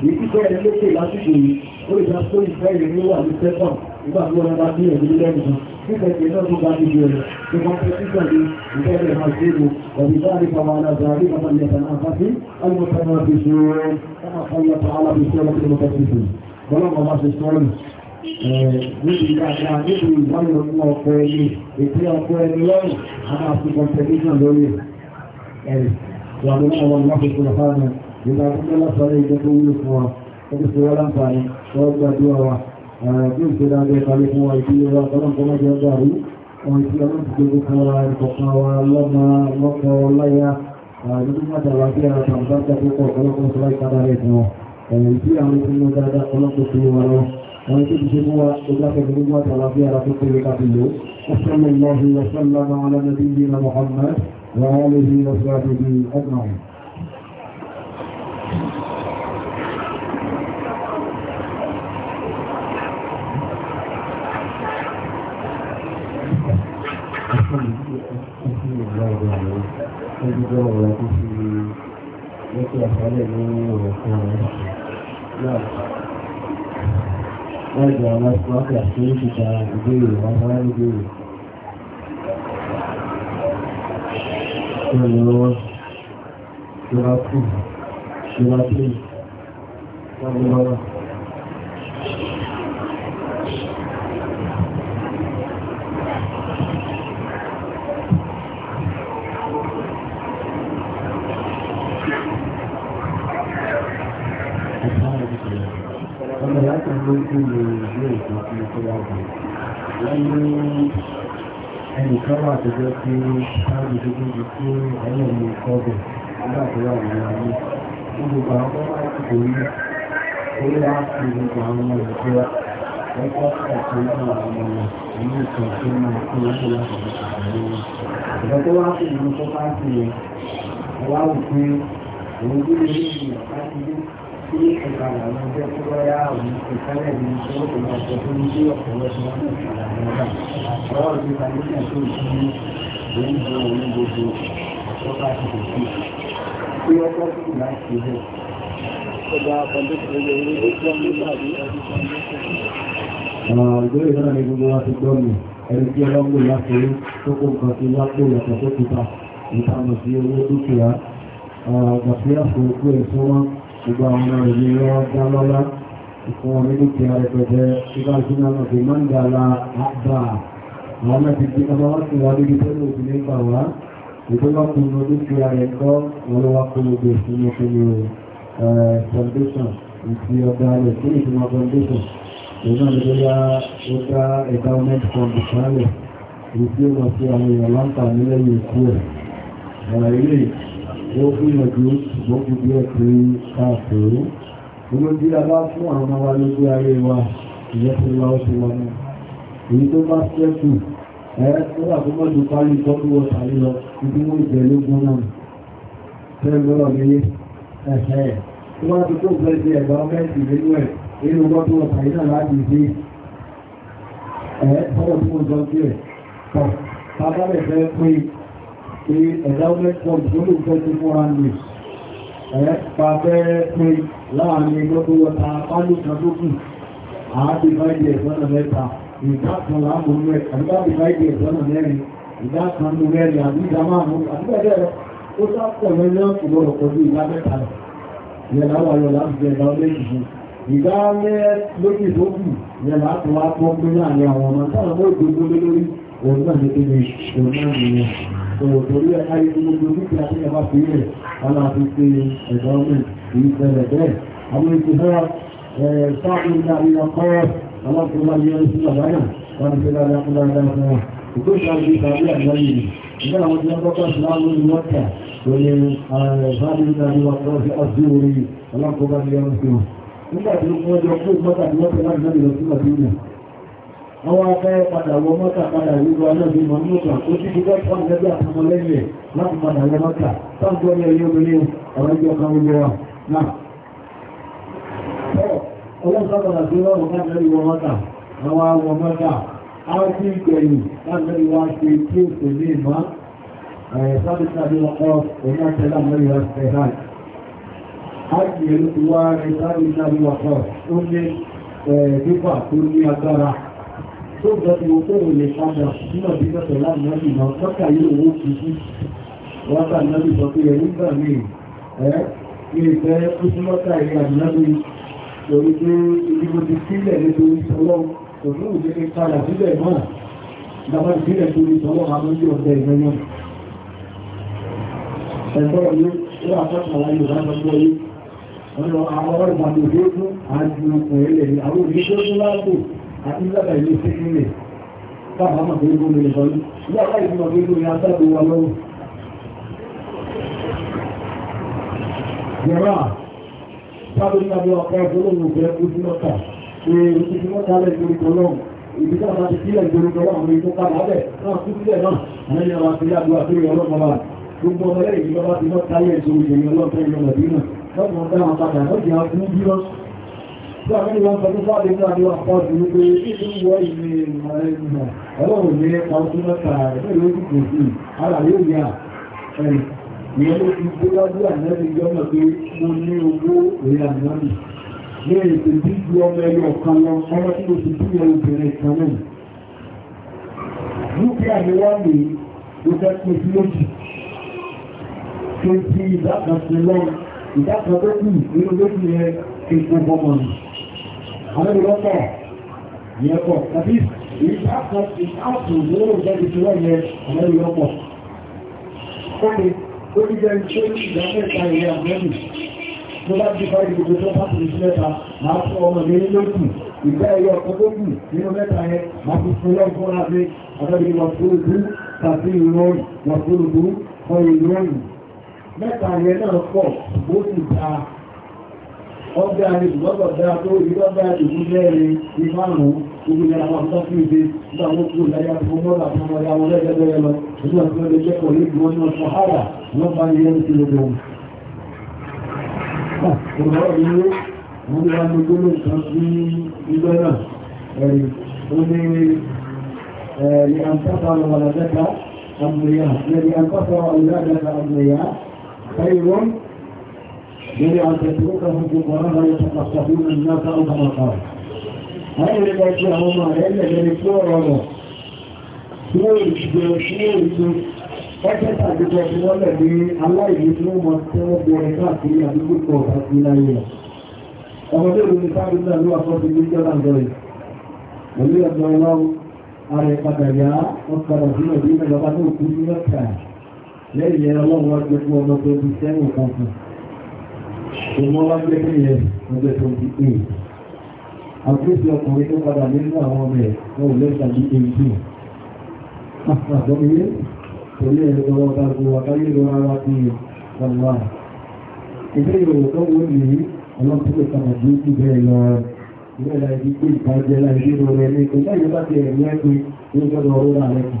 Èyí tí bẹ́ẹ̀ lókè lásìkò yìí, ó lè jásí tó ìfẹ́ ìrìn ní wà ní Tẹ́fọ̀n nígbà tí wọ́n bá bí ẹ̀mí lẹ́nu. Nígbà tí náà tó bá bí bẹ̀rẹ̀, tó bá tó títà ní ìfẹ́ rẹ̀ máa ṣe lò, ọ̀bí bá rí bàbá aláàbà rí bàbá ní ẹ̀tàn àfáfí, alùpùpù tẹ́lá bí ṣe rẹ̀, káà fọ́ yẹ pa alábí sí ọlọ́pẹ́ lọ́pẹ́ tuntun. Bọ́lọ́mọ máa ṣe sọ́ọ̀lù. Níbi ìdájá níbi ìwáyọ̀ fún ọkọ̀ ẹni, ètí ọkọ̀ ẹni lọ́rùn, a máa fi kọ̀ǹtẹ̀lẹ́sàn lórí ẹ̀rì. Ìwà ló ń wọ́n lọ́pẹ́ tó lọ́pẹ́ ìlà àkọ́kọ́ lásàrẹ́ ìjọba wúlò fún wa ẹgbẹ́ sí wọ́n láǹfààní wọ́n gbàdúrà wa bí ìṣe dáadé kalẹ̀ fún wa ìdí ọlá ọlọ́nkọ́mọ́ jẹ́ dàrú wọn tí ọlọ́n ti gbogbo kan wa ìkọ̀kan wa lọ́mọ lọ́kọ̀ láyá nínú mọ́tàlá sí ara tàbátà púpọ̀ ọlọ́kọ̀ sọ́lá ìpadà rẹ̀ fún wọn wọ́n dáadáa ọlọ́kọ̀ sí wa lọ wọn tí ìṣe fún wa ìgbàfẹ́ nínú mọ́tàlá sí ara tó kéré ká fi lò وصلى الله وسلم على نبينا محمد وآله وصحبه أجمعين ẹgbẹ́ ọ̀rọ̀ tó fi ní àṣálẹ̀ ní ọ̀rọ̀ fún ọ̀rọ̀ ṣe náà wọ́n jẹ́ àwọn aṣọ́kẹ́ àti ìṣẹ̀dá ìbéèrè wọn wá ní ìbéèrè. Ìrànlọ́wọ́, ìrànkù, ìrànlọ́wọ́, ẹnìkan wà tó jẹ́ pé káàdì tó tó ti kí ọlọ́run kọ́bẹ̀ nígbà tó wà ní ayé gbogbo àwọn ọmọ láti kò ní orí láti gbogbo àwọn ọmọ ìjọ ẹgbẹ́ ọ̀kan náà àwọn ọmọ ìlú ìkan tó máa kó láti láti ọ̀kan àwọn ọmọ ìjọ tó wá sí ìlú tó bá sí yẹn wá wù pé òun gbé lórí ìyàn láti gbé tí ẹ̀ka làwọn jẹ́ tó bọ́yá àwọn ìkálẹ̀ ní owó tó máa jẹ tó ń gbé ọ̀pọ̀lọpọ̀ wọn ní ìkàlàyé náà ọ̀rọ̀ ní kàlíṣà tó ń fún ìwé ìjọ òun gbogbo ọ̀pọ̀lọpọ̀ àti òkú tí ó kọ́ sí láti ṣe Ọjọ́ ìgbéyìí náà ni gbogbo wa ti gbọ́ mi, ẹni tí ọlọ́gbò láti rí tó kó nǹkan tí wá pè yàtọ̀ tó kúta, ìtàmọ̀ sí owó dúkìá, ọ̀gbà tí àpò òkú ẹ̀ fún wọn ṣùgbọ́n ọmọ ìlú wọn dá lọ́lá ìfún ọmọ ìlú kí ara pẹ̀tẹ́ ṣùgbọ́n ṣúná lọ sí mọ́ndàlá àbá àwọn mẹ́ta ti ọmọ wọn ti wà lórí pẹ̀lú òbí ní ìgbà wá ìjọba kún ní ojú kí ara ẹ̀kọ́ wọn lọ́wọ́ kún ní ojú ìsinmi kúrò foundation ìfi ọ̀dà rẹ̀ kí ìsinmi foundation ìgbà nígbà ó dá ẹ̀dá mẹ́ta kan bùkálẹ̀ ìfi ọmọ sí àwọn èèyàn láǹkà nílẹ̀ yìí kú ẹ̀ ó gbìyànjú ṣùgbọ́n gbogbo ẹ̀ pé káàkiri nínú bí a bá fún àwọn ọmọ wa lójú ayé wa ìyẹn tó lọ sí wọn ní èyí tó bá ṣẹ́kù ẹ̀ tó wà tó mọ́jú parí ìtọ́jú wọn tàbí lọ ibi mú ìjẹ́ lógún náà fẹ́ẹ́ lọ́rọ̀ mi yé ẹ̀ẹ́ tó wá tó tó fẹ́ ṣe ẹ̀gbà mẹ́sì nínú ẹ̀ nínú gbọ́ tó wọ̀n náà láti ṣe ẹ̀ sọ́wọ́ tó wọ́n jọ tọ́ pé endowment fund tó lè fẹ́ tí fún randis ẹ̀ pàfẹ́ pé láàrin ẹgbẹ́ tó wọta pálù kan tó kù àádìfáìdì ẹ̀sọ́nà mẹ́ta ìdákan láàmù rẹ̀ àdúgbàdìfáìdì ẹ̀sọ́nà mẹ́rin ìdákan ló rẹ̀ àbí ìdámáàmù àdúgbàdì ẹ̀rọ ó sápọ̀ mẹ́rin ọ̀pọ̀lọpọ̀ pẹ̀lú ìdá mẹ́ta yẹ láwà yọ láti jẹ ìdá méjì fún ìdá mẹ́ lókè Òtòrí ẹ̀ka ìgbogbo dúkìá tí ẹ̀bá fi rẹ̀, wọ́n máa fi ṣe ẹ̀dọ́mìn kìí ṣẹlẹ̀ bẹ́ẹ̀. Àwọn ètò náà sáàmì ìlà ìlà kọ́ ọlọ́pùn máa yẹ sí àbáyà wọ́n ti lára fúnlára fún wọn. Ìgbé ìgbàgbé ìgbàgbé àgbáyé yìí. Ìgbà àwọn tí wọ́n kọ́kọ́ sí láwọn ní mọ́tà lórí àwọn afẹ́ padà wọ mọ́ta padà wúrú alábi mọ̀ mọ́ta tó ti ti gọ́ọ̀pọ̀ lẹ́bí àtọmọ lẹ́yìn láti padà wọ mọ́ta tọ́jọ́ ní ẹ̀yọ́ obìnrin ọ̀rọ̀ ìjọ kan wúrú wa náà ọlọ́sọ́kọ̀lá sí lọ́rùn láti wọ mọ́ta àwọn awọ mọ́ta á sí ìgbẹ̀yìn láti wá ṣe tí ó sì ní ìmọ̀ sábìsàbí ọkọ̀ òní àtẹ́lá mẹ́rin wá ṣe náà á sì èrò ti wá rẹ̀ sábìsàbí ọkọ̀ tó ní ẹ̀ẹ́dípà tó ní agbára tó jọ ti wọ́n fóòrò lè padà nígbà tí bẹ̀rẹ̀ láàrin náà ìmọ̀ tọ́ka yìí owó kìí wọ́n bá náà sọ pé ẹ̀ nígbà míì ẹ́ ilé ìfẹ́ kúsùmọ́ta ìrìn àdínábí lórí pé ìdíbò ti sílẹ̀ nítorí sọlọ́ kò fún òjò ti padà sílẹ̀ náà dábàá sílẹ̀ torí sọlọ́ àmójú àti lábà ilé síkú rẹ̀ káàbà máa gbogbo mi lọ yìí lábà ìgbìmọ̀ gbogbo mi asábò wa lọ́wọ́. Yẹ̀rọ sábà ní abẹ́ ọ̀pá ìgbólóhùn òbẹ̀ ojú mọ́ta ṣe ojú mọ́ta lẹ̀ lórí kọlọ́ọ̀ ibi tí a máa ti sílẹ̀ lórí kọlọ́ọ̀ àwọn ètò padà bẹ̀ náà kú sílẹ̀ náà lẹ́yìn àwọn àti yàgò àti ọlọ́mọba gbogbo ọmọlẹ́yìn ìjọba ti mọ́ta yẹ̀ ìṣòro ìṣòro ọlọ́pẹ́ ìlọ́mọdé náà lọ́mọdé àwọn padà lọ́jà fún bí Ìyẹ́ ló fi gbé lábú àmẹ́rin ìjọ́mọ̀ pé mo ní owó òyà ìrọ́nì. Ní ètò tí ju ọmọ ẹyọ ọ̀kan lọ, ọmọ tí mo ti bí ẹ obìnrin kan náà. Rúkẹ́ àmì wá ní ó fẹ́ pín sí lójì. Ṣé ti ìdákan sí lọ́rùn, ìdákan tó kù nínú lójì yẹn kí n kó bọ́mọ̀ nù àmọ́bí lọ́pọ̀ yẹ pọ̀ tàbí ìṣàkóso ìṣòro jáde tí wọ́n yẹ àmọ́bí lọ́pọ̀ kọ́ni ó ti jẹ́ tó ní ìgbà mẹ́ta ìwé àmọ́bí tó bá ti báyìí gbogbo tó bá ti mẹ́ta máa fún ọmọ mi lókù ìgbà ẹ̀yọ ọkọ̀ tó kù nínú mẹ́ta yẹn máa fi fún lọ́gbọ́n láti àmọ́bí wàkúrúdú tàbí ìrọ̀rùn wàkúrúdú fọ ìrọ̀rùn mẹ́ta yẹn náà pọ̀ bó ti dáa ọgbẹ́ àrẹ́gbọ́gbọ̀dá tó ìgbọ́gbà ìgbúgbẹ́rin ìmárùn-ún ogun ẹ̀rọ àwọn ọ̀pọ̀ fún ìdí nígbà wọ́n kúrò láyá fún mọ́lá fún ọmọ ìyàwó lẹ́gbẹ̀ẹ́ lọ nígbà tí wọ́n lè jẹ́ pọ̀ lẹ́gbẹ̀ẹ́ wọn náà sọ̀hárà wọ́n bá ní ẹni tí lọ́gbọ̀n ọ̀rọ̀ ilé wọ́n ní wọ́n gbé lè kan sí ìgbẹ́ náà ẹ̀rì ó ní ẹ̀rì àǹtàkà wàlàdẹ́ta àmìyà ẹ̀rì àǹtàkà wàlàdẹ́ta àmìyà إلى أن تتركهم فقراء يتقصفون الناس أو كما قال هذا ما يتلعهم إلا جريكور الله سوري سوري Ọjọ́ta àjọjọ́ ti wọ́n lẹ̀ ní aláìlú tí ó mọ̀ tí ó bẹ̀rẹ̀ káàkiri àdúgbò kan àti láyé rẹ̀. Ọmọdé ìlú ní káàkiri náà ló wà fọ́ sí ní Jọ́lá Gọ́rẹ̀. Pẹ̀lú ẹ̀dọ̀ ọlọ́run, ààrẹ padà yá, ó padà sí ọdún ìjọba ní òkú ní mẹ́ta. Lẹ́yìn ẹ̀rọ ọlọ́run ṣùgbọ́n wá gbé ní ẹ̀ ọjọ́ 28 àkúrẹ́sì ọkùnrin tó padà nínú àwọn ọmọ ẹ̀ wọ́n lẹ́sà ní 18 àgbọ́mìyẹ́ pẹ̀lú ẹ̀rọ ọ̀tàgbò àkáyèrò ara ti wà ilé ìròyìn tó wó ní ọlọ́pùpẹ̀ sàmàjú ti bẹ́ẹ̀ lọ ilé ẹ̀rọ ibi pé ìbàjẹ́ láì ní ọ̀rẹ́ ní kò láyé bá ti ẹ̀rí ẹ̀kùn ní ọjọ́ ọ̀rọ̀ àrẹ́kùn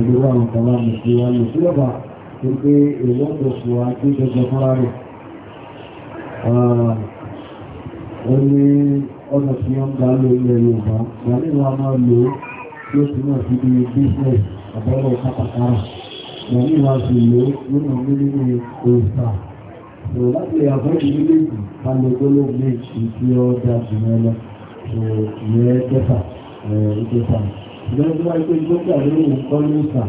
ìlú àwọn ọ̀tàlá mùsùlùmí wa lò sí ọ̀bà tó pé èèyàn tó fò wá tí jọjọ fúnra rẹ̀ ó ní ọ̀nà tí wọ́n gbà lò ilẹ̀ Yorùbá wà nínú a máa lò di business àbọ̀rọ̀ kátàkárà wà nínú a sì lò ó nínú nínú ṣùgbọ́n tó wáyé pé ìjọ́pẹ́ àlérò nǹkan ní ìsà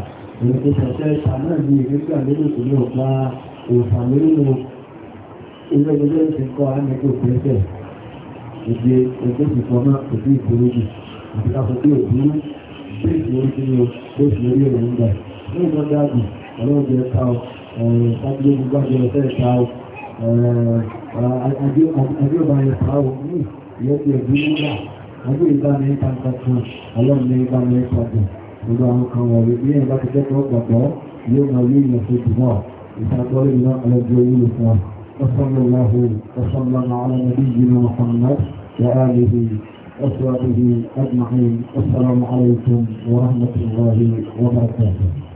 èyí tó sọ̀tẹ́ ìsà náà ní ìrẹ́gbẹ́ àlérò tó ní ọ̀pá òòsà lérò ilé ẹgbẹ́ ti kọ́ àmẹ́kò pẹ́sẹ̀ ìdí ẹgbẹ́ ti kọ́ máa kò sí ìkórójì àti káfọ́ pé òbí bẹ́ẹ̀sì orí kí ni o bẹ́ẹ̀sì orí ẹ̀rọ ń gbà ní ìgbọ́n dáàbò ọlọ́ọ̀dẹ ká o ṣáájú ogun gbàgbé ọ̀fẹ́ ká o adé ọba yẹn ká o ní ìyẹ́sì ẹ̀gbẹ́ nígbà àbí ìbáni ìtàkà kan ọlọ́run ní ìbáni ìpàdé gbogbo àwọn kan wọ̀ wí bí ẹ̀bá ti jẹ́kọ̀ọ́ gbàgbọ́ yóò máa yí ìyẹn fún jùlọ ìtàkọ́ lè ná ọlọ́jọ́ wúlò fún wa وصلى الله وسلم على نبينا محمد وآله وصحبه أجمعين والسلام عليكم ورحمة الله وبركاته